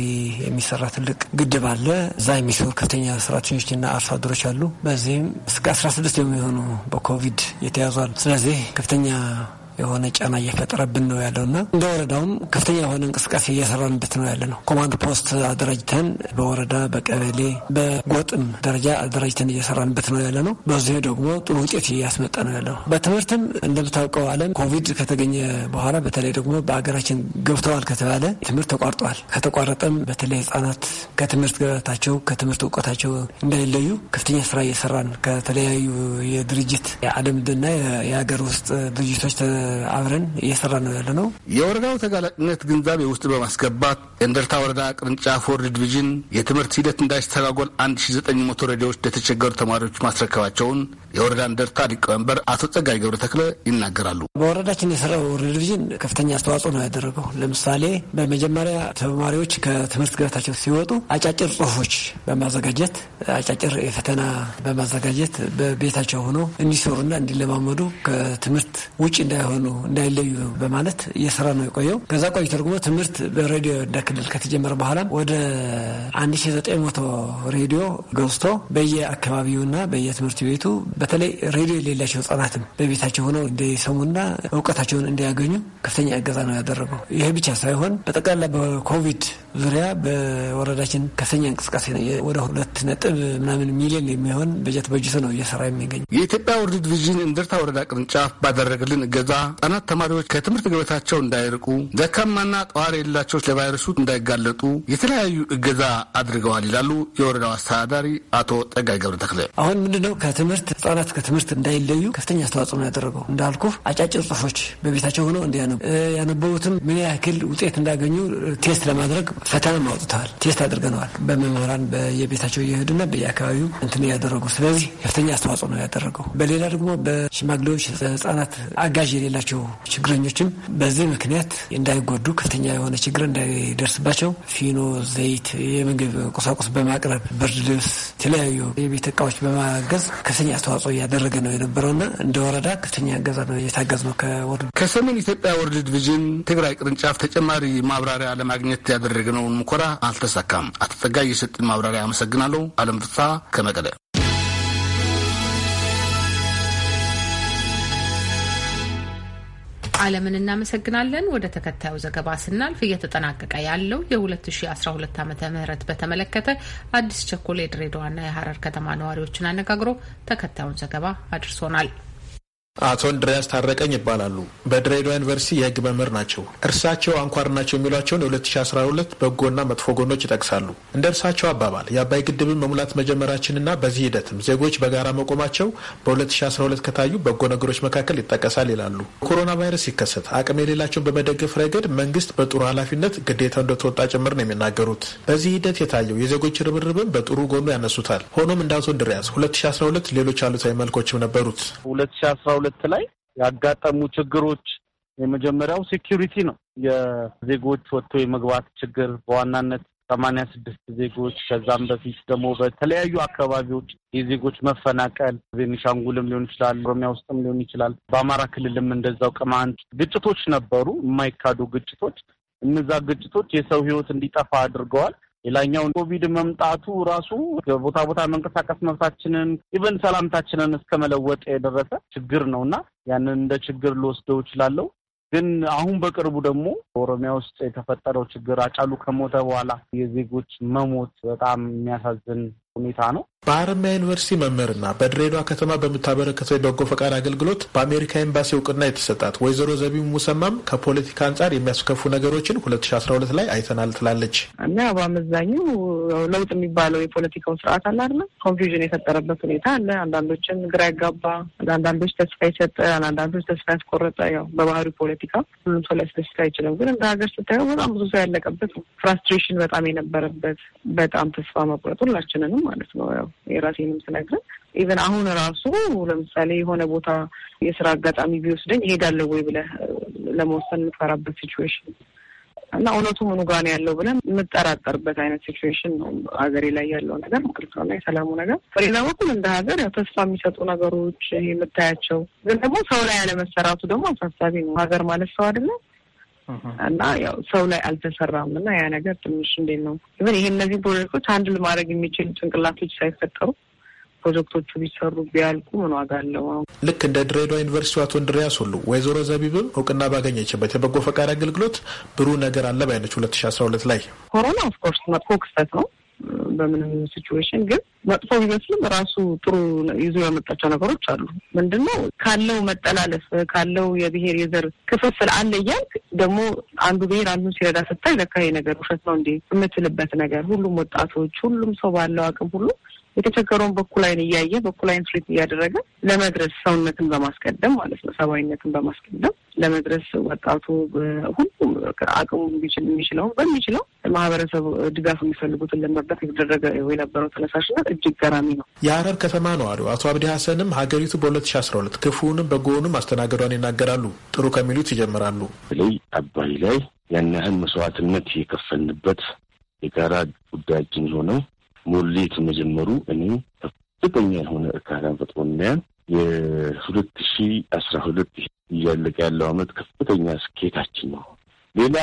የሚሰራ ትልቅ ግድብ አለ። እዛ የሚሰሩ ከፍተኛ ሰራተኞችና አርሶ አደሮች አሉ። በዚህም እስከ 16 የሚሆኑ በኮቪድ የተያዟል። ስለዚህ ከፍተኛ የሆነ ጫና እየፈጠረብን ነው ያለው እና እንደ ወረዳውም ከፍተኛ የሆነ እንቅስቃሴ እየሰራንበት ነው ያለ ነው። ኮማንድ ፖስት አደራጅተን በወረዳ በቀበሌ በጎጥም ደረጃ አደራጅተን እየሰራንበት ነው ያለ ነው። በዚህ ደግሞ ጥሩ ውጤት እያስመጣ ነው ያለ ነው። በትምህርትም እንደምታውቀው ዓለም ኮቪድ ከተገኘ በኋላ በተለይ ደግሞ በሀገራችን ገብተዋል ከተባለ ትምህርት ተቋርጧል። ከተቋረጠም በተለይ ህጻናት ከትምህርት ገበታቸው ከትምህርት እውቀታቸው እንዳይለዩ ከፍተኛ ስራ እየሰራን ከተለያዩ የድርጅት የዓለምና የሀገር ውስጥ ድርጅቶች አብረን እየሰራ ነው ያለ ነው። የወረዳው ተጋላጭነት ግንዛቤ ውስጥ በማስገባት የእንደርታ ወረዳ ቅርንጫፍ ወርድ ዲቪዥን የትምህርት ሂደት እንዳይስተጓጎል 1900 ሬዲዮዎች ለተቸገሩ ተማሪዎች ማስረከባቸውን የወረዳ እንደርታ ሊቀመንበር አቶ ጸጋይ ገብረ ተክለ ይናገራሉ። በወረዳችን የሰራው ወርድ ዲቪዥን ከፍተኛ አስተዋጽኦ ነው ያደረገው። ለምሳሌ በመጀመሪያ ተማሪዎች ከትምህርት ገበታቸው ሲወጡ አጫጭር ጽሁፎች በማዘጋጀት አጫጭር የፈተና በማዘጋጀት በቤታቸው ሆነው እንዲሰሩና እንዲለማመዱ ከትምህርት ውጭ እንዳይሆኑ ሳይሆኑ እንዳይለዩ በማለት እየሰራ ነው የቆየው። ከዛ ቆይቶ ደግሞ ትምህርት በሬዲዮ እንደ ክልል ከተጀመረ በኋላም ወደ 1900 ሬዲዮ ገዝቶ በየአካባቢውና በየትምህርት ቤቱ በተለይ ሬዲዮ የሌላቸው ህጻናትም በቤታቸው ሆነው እንዲሰሙና እውቀታቸውን እንዲያገኙ ከፍተኛ እገዛ ነው ያደረገው። ይሄ ብቻ ሳይሆን በጠቅላላ በኮቪድ ዙሪያ በወረዳችን ከፍተኛ እንቅስቃሴ ነው። ወደ ሁለት ነጥብ ምናምን ሚሊዮን የሚሆን በጀት በጅቶ ነው እየሰራ የሚገኝ። የኢትዮጵያ ውርድ ዲቪዥን እንድርታ ወረዳ ቅርንጫፍ ባደረግልን እገዛ ህጻናት ተማሪዎች ከትምህርት ገበታቸው እንዳይርቁ፣ ደካማና ጠዋሪ የሌላቸው ለቫይረሱ እንዳይጋለጡ የተለያዩ እገዛ አድርገዋል ይላሉ የወረዳው አስተዳዳሪ አቶ ጠጋይ ገብረ ተክለ። አሁን ምንድነው ከትምህርት ህጻናት ከትምህርት እንዳይለዩ ከፍተኛ አስተዋጽኦ ነው ያደረገው። እንዳልኩ አጫጭር ጽሁፎች በቤታቸው ሆነው እንዲያነቡ ያነበቡትም ምን ያክል ውጤት እንዳገኙ ቴስት ለማድረግ ፈተና አውጥተዋል። ቴስት አድርገነዋል። በመምህራን በየቤታቸው እየሄዱና በየአካባቢው እንትን ያደረጉ ስለዚህ ከፍተኛ አስተዋጽኦ ነው ያደረገው። በሌላ ደግሞ በሽማግሌዎች ህጻናት አጋዥ የሌላቸው ችግረኞችም በዚህ ምክንያት እንዳይጎዱ ከፍተኛ የሆነ ችግር እንዳይደርስባቸው ፊኖ፣ ዘይት፣ የምግብ ቁሳቁስ በማቅረብ ብርድ ልብስ፣ የተለያዩ የቤት እቃዎች በማገዝ ከፍተኛ አስተዋጽኦ እያደረገ ነው የነበረውና እንደ ወረዳ ከፍተኛ ገዛ ነው የታገዝ ነው ከሰሜን ኢትዮጵያ ወርድ ቪዥን ትግራይ ቅርንጫፍ ተጨማሪ ማብራሪያ ለማግኘት ያደረግነው ያደረግነውን ሙከራ አልተሳካም። አቶ ጸጋይ ማብራሪያ አመሰግናለሁ። አለም ፍስሐ ከመቀለ። አለምን እናመሰግናለን። ወደ ተከታዩ ዘገባ ስናልፍ እየተጠናቀቀ ያለው የ2012 ዓ ም በተመለከተ አዲስ ቸኮል የድሬዳዋና የሀረር ከተማ ነዋሪዎችን አነጋግሮ ተከታዩን ዘገባ አድርሶናል። አቶ እንድሪያስ ታረቀኝ ይባላሉ። በድሬዳዋ ዩኒቨርሲቲ የህግ መምህር ናቸው። እርሳቸው አንኳር ናቸው የሚሏቸውን የ2012 በጎና መጥፎ ጎኖች ይጠቅሳሉ። እንደ እርሳቸው አባባል የአባይ ግድብን መሙላት መጀመራችንና በዚህ ሂደትም ዜጎች በጋራ መቆማቸው በ2012 ከታዩ በጎ ነገሮች መካከል ይጠቀሳል ይላሉ። ኮሮና ቫይረስ ሲከሰት አቅም የሌላቸውን በመደገፍ ረገድ መንግስት በጥሩ ኃላፊነት ግዴታ እንደተወጣ ጭምር ነው የሚናገሩት። በዚህ ሂደት የታየው የዜጎች ርብርብን በጥሩ ጎኑ ያነሱታል። ሆኖም እንደ አቶ እንድሪያስ 2012 ሌሎች አሉታዊ መልኮችም ነበሩት። ሁለት ላይ ያጋጠሙ ችግሮች የመጀመሪያው ሴኪሪቲ ነው። የዜጎች ወጥቶ የመግባት ችግር በዋናነት ሰማንያ ስድስት ዜጎች ከዛም በፊት ደግሞ በተለያዩ አካባቢዎች የዜጎች መፈናቀል ቤኒሻንጉልም ሊሆን ይችላል፣ ኦሮሚያ ውስጥም ሊሆን ይችላል፣ በአማራ ክልልም እንደዛው ቅማንት ግጭቶች ነበሩ፣ የማይካዱ ግጭቶች። እነዛ ግጭቶች የሰው ህይወት እንዲጠፋ አድርገዋል። ሌላኛው ኮቪድ መምጣቱ ራሱ ቦታ ቦታ መንቀሳቀስ መብታችንን ኢቨን ሰላምታችንን እስከ መለወጥ የደረሰ ችግር ነው እና ያንን እንደ ችግር ልወስደው እችላለሁ። ግን አሁን በቅርቡ ደግሞ ኦሮሚያ ውስጥ የተፈጠረው ችግር አጫሉ ከሞተ በኋላ የዜጎች መሞት በጣም የሚያሳዝን ሁኔታ ነው። በሀረማያ ዩኒቨርሲቲ መምህርና በድሬዳዋ ከተማ በምታበረከተው የበጎ ፈቃድ አገልግሎት በአሜሪካ ኤምባሲ እውቅና የተሰጣት ወይዘሮ ዘቢብ ሙሰማም ከፖለቲካ አንጻር የሚያስከፉ ነገሮችን 2012 ላይ አይተናል ትላለች እና በአመዛኙ ለውጥ የሚባለው የፖለቲካው ስርዓት አለ አይደለም፣ ኮንፊውዥን የፈጠረበት ሁኔታ አለ። አንዳንዶችን ግራ ያጋባ፣ አንዳንዶች ተስፋ የሰጠ፣ አንዳንዶች ተስፋ ያስቆረጠ። ያው በባህሪ ፖለቲካ ሁሉም ሰው ሊያስደስት አይችልም። ግን እንደ ሀገር ስታየው በጣም ብዙ ሰው ያለቀበት ፍራስትሬሽን በጣም የነበረበት በጣም ተስፋ መቁረጥ ሁላችንንም ማለት ነው ያው የራሴንም ስነግር ኢቨን አሁን ራሱ ለምሳሌ የሆነ ቦታ የስራ አጋጣሚ ቢወስደኝ እሄዳለሁ ወይ ብለህ ለመወሰን የምትፈራበት ሲቹዌሽን እና እውነቱ ምኑ ጋር ነው ያለው ብለን የምጠራጠርበት አይነት ሲቹዌሽን ነው ሀገሬ ላይ ያለው ነገር ምክርና የሰላሙ ነገር። በሌላ በኩል እንደ ሀገር ያው ተስፋ የሚሰጡ ነገሮች የምታያቸው፣ ግን ደግሞ ሰው ላይ ያለመሰራቱ ደግሞ አሳሳቢ ነው። ሀገር ማለት ሰው አይደለም Uh-huh. እና ያው ሰው ላይ አልተሰራም እና ያ ነገር ትንሽ እንዴት ነው ግን ይሄ እነዚህ ፕሮጀክቶች አንድ ማድረግ የሚችል ጭንቅላቶች ሳይፈጠሩ ፕሮጀክቶቹ ቢሰሩ ቢያልቁ ምን ዋጋ አለው? ልክ እንደ ድሬዳዋ ዩኒቨርሲቲ አቶ እንድሪያስ ሁሉ ወይዘሮ ዘቢብም እውቅና ባገኘችበት የበጎ ፈቃድ አገልግሎት ብሩህ ነገር አለ ባይነች ሁለት ሺ አስራ ሁለት ላይ ኮሮና ኦፍኮርስ መጥፎ ክስተት ነው በምንም ሲቹዌሽን ግን መጥፎ ቢመስልም ራሱ ጥሩ ይዞ ያመጣቸው ነገሮች አሉ። ምንድነው ካለው መጠላለፍ ካለው የብሄር የዘር ክፍፍል አለ እያልክ ደግሞ አንዱ ብሄር አንዱ ሲረዳ ስታይ ለካ ይሄ ነገር ውሸት ነው እንዴ የምትልበት ነገር ሁሉም ወጣቶች፣ ሁሉም ሰው ባለው አቅም ሁሉ የተቸገረውን በኩል አይን እያየ በኩል አይን ትሪት እያደረገ ለመድረስ ሰውነትን በማስቀደም ማለት ነው፣ ሰብአዊነትን በማስቀደም ለመድረስ ወጣቱ ሁሉም አቅሙ የሚችለው በሚችለው ማህበረሰቡ ድጋፍ የሚፈልጉትን ለመርዳት የተደረገ የነበረው ተነሳሽነት እጅግ ገራሚ ነው። የአረር ከተማ ነዋሪው አቶ አብዲ ሀሰንም ሀገሪቱ በ2012 ክፉውንም በጎውንም አስተናገዷን ይናገራሉ። ጥሩ ከሚሉት ይጀምራሉ። በተለይ አባይ ላይ ያን ያህል መስዋዕትነት የከፈልንበት የጋራ ጉዳያችን የሆነው ሙሌት መጀመሩ እኔ ከፍተኛ የሆነ እርካታን ፈጥሮ እናያል። የሁለት ሺ አስራ ሁለት እያለቀ ያለው አመት ከፍተኛ ስኬታችን ነው። ሌላ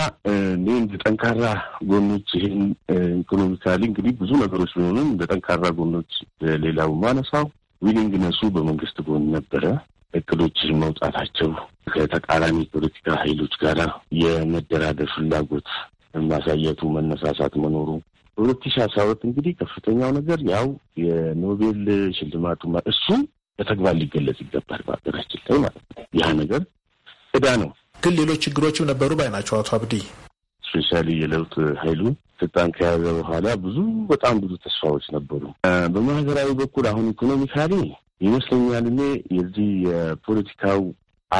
እኔ እንደ ጠንካራ ጎኖች ይህን ኢኮኖሚካሊ እንግዲህ ብዙ ነገሮች ቢሆንም እንደ ጠንካራ ጎኖች ሌላው ማነሳው ዊሊንግ ነሱ በመንግስት ጎን ነበረ። እቅዶችን መውጣታቸው፣ ከተቃራኒ ፖለቲካ ኃይሎች ጋር የመደራደር ፍላጎት ማሳየቱ፣ መነሳሳት መኖሩ በሁለት ሺ አስራ ሁለት እንግዲህ ከፍተኛው ነገር ያው የኖቤል ሽልማቱ እሱ በተግባር ሊገለጽ ይገባል በሀገራችን ላይ ማለት ነው። ያ ነገር እዳ ነው። ግን ሌሎች ችግሮችም ነበሩ ባይ ናቸው አቶ አብዲ። ስፔሻሊ የለውጥ ኃይሉ ስልጣን ከያዘ በኋላ ብዙ በጣም ብዙ ተስፋዎች ነበሩ። በማህበራዊ በኩል አሁን ኢኮኖሚካሊ ይመስለኛል እኔ የዚህ የፖለቲካው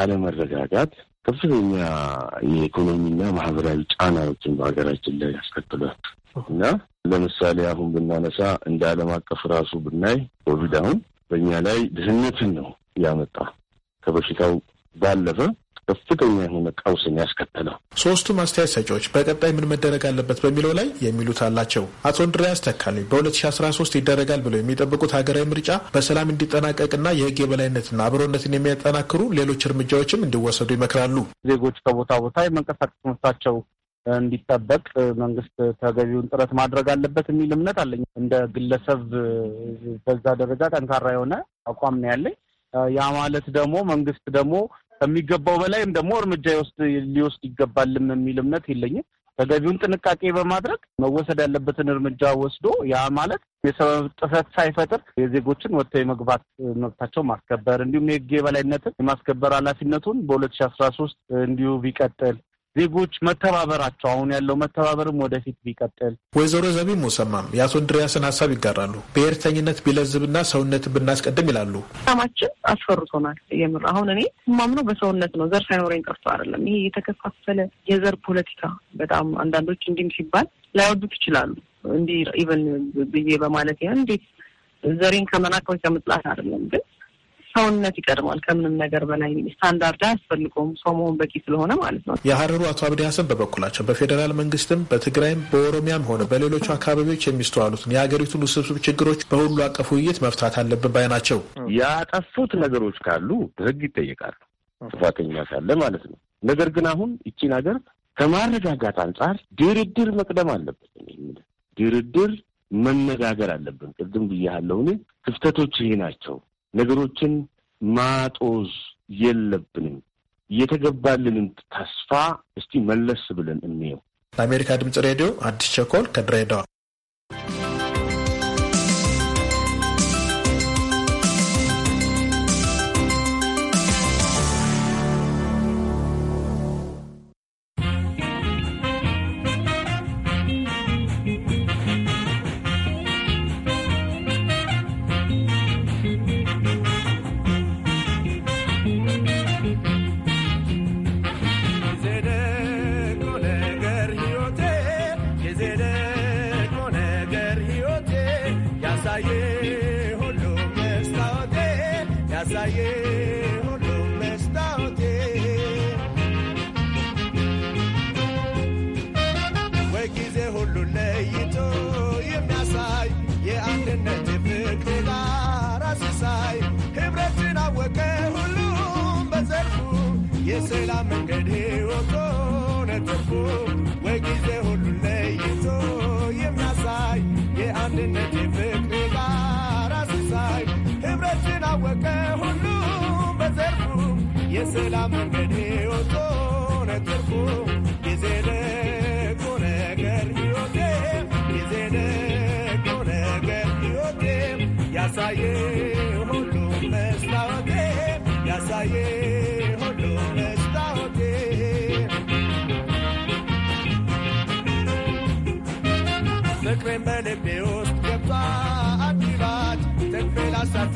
አለመረጋጋት ከፍተኛ የኢኮኖሚና ማህበራዊ ጫናዎችን በሀገራችን ላይ ያስከትሏል። እና ለምሳሌ አሁን ብናነሳ እንደ ዓለም አቀፍ ራሱ ብናይ ኮቪድ አሁን በእኛ ላይ ድህነትን ነው ያመጣ ከበሽታው ባለፈ ከፍተኛ የሆነ ቀውስን ያስከተለው። ሶስቱም አስተያየት ሰጪዎች በቀጣይ ምን መደረግ አለበት በሚለው ላይ የሚሉት አላቸው። አቶ እንድሪያስ ተካሌ በ2013 ይደረጋል ብለው የሚጠብቁት ሀገራዊ ምርጫ በሰላም እንዲጠናቀቅና የህግ የበላይነትና አብሮነትን የሚያጠናክሩ ሌሎች እርምጃዎችም እንዲወሰዱ ይመክራሉ። ዜጎች ከቦታ ቦታ የመንቀሳቀስ መብታቸው እንዲጠበቅ መንግስት ተገቢውን ጥረት ማድረግ አለበት የሚል እምነት አለኝ። እንደ ግለሰብ በዛ ደረጃ ጠንካራ የሆነ አቋም ነው ያለኝ። ያ ማለት ደግሞ መንግስት ደግሞ ከሚገባው በላይም ደግሞ እርምጃ ይወስድ ሊወስድ ይገባልም የሚል እምነት የለኝም። ተገቢውን ጥንቃቄ በማድረግ መወሰድ ያለበትን እርምጃ ወስዶ ያ ማለት የሰበብ ጥሰት ሳይፈጥር የዜጎችን ወጥተው የመግባት መብታቸው ማስከበር እንዲሁም የህግ የበላይነትን የማስከበር ኃላፊነቱን በሁለት ሺ አስራ ሶስት እንዲሁ ቢቀጥል ዜጎች መተባበራቸው አሁን ያለው መተባበርም ወደፊት ቢቀጥል። ወይዘሮ ዘቢ ሙሰማም የአቶ እንድሪያስን ሀሳብ ይጋራሉ። ብሔርተኝነት ቢለዝብና ሰውነትን ብናስቀድም ይላሉ። ሰማችን አስፈርቶናል። የምር አሁን እኔ ማምነው በሰውነት ነው። ዘር ሳይኖረኝ ቀርቶ አይደለም። ይሄ የተከፋፈለ የዘር ፖለቲካ በጣም አንዳንዶች እንዲህም ሲባል ላይወዱት ይችላሉ። እንዲህ ኢቨን ብዬ በማለት ያ እንዴት ዘሬን ከመናቅ ከምጥላት ከመጥላት አይደለም ግን ሰውነት ይቀድማል ከምንም ነገር በላይ ስታንዳርድ አያስፈልገውም ሰው መሆን በቂ ስለሆነ ማለት ነው። የሀረሩ አቶ አብዲ ሀሰን በበኩላቸው በፌዴራል መንግስትም በትግራይም በኦሮሚያም ሆነ በሌሎቹ አካባቢዎች የሚስተዋሉትን የሀገሪቱን ውስብስብ ችግሮች በሁሉ አቀፍ ውይይት መፍታት አለብን ባይ ናቸው። ያጠፉት ነገሮች ካሉ ህግ ይጠየቃሉ፣ ጥፋተኛ ሳለ ማለት ነው። ነገር ግን አሁን ይቺን ሀገር ከማረጋጋት አንጻር ድርድር መቅደም አለበት። ድርድር መነጋገር አለብን። ቅድም ብያለሁ እኔ ክፍተቶች ይሄ ናቸው ነገሮችን ማጦዝ የለብንም። የተገባልንን ተስፋ እስቲ መለስ ብለን እንየው። ለአሜሪካ ድምጽ ሬዲዮ አዲስ ቸኮል ከድሬዳዋ መንገዴ ወቶ ወይ ጊዜ ሁሉ ለይቶ የሚያሳይ የአንድነት የፍቅር ባራስ ህብረትን አወቀ ሁሉ በዘርፉ የሰላም መንገዴ ወቶ ነጠፉ ጊዜ ለቆ ነገር ጊዜ ለቆ ነገር ያሳየ ሁሉ መስታወቴ When many bills get by, I'll be right. Then we'll start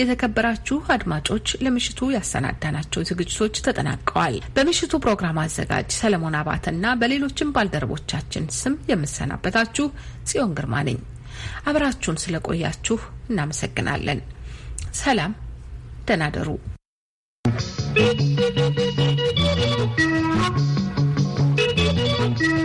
የተከበራችሁ አድማጮች ለምሽቱ ያሰናዳናቸው ዝግጅቶች ተጠናቀዋል። በምሽቱ ፕሮግራም አዘጋጅ ሰለሞን አባተና በሌሎችም ባልደረቦቻችን ስም የምሰናበታችሁ ጽዮን ግርማ ነኝ። አብራችሁን ስለቆያችሁ እናመሰግናለን። ሰላም፣ ደህና you.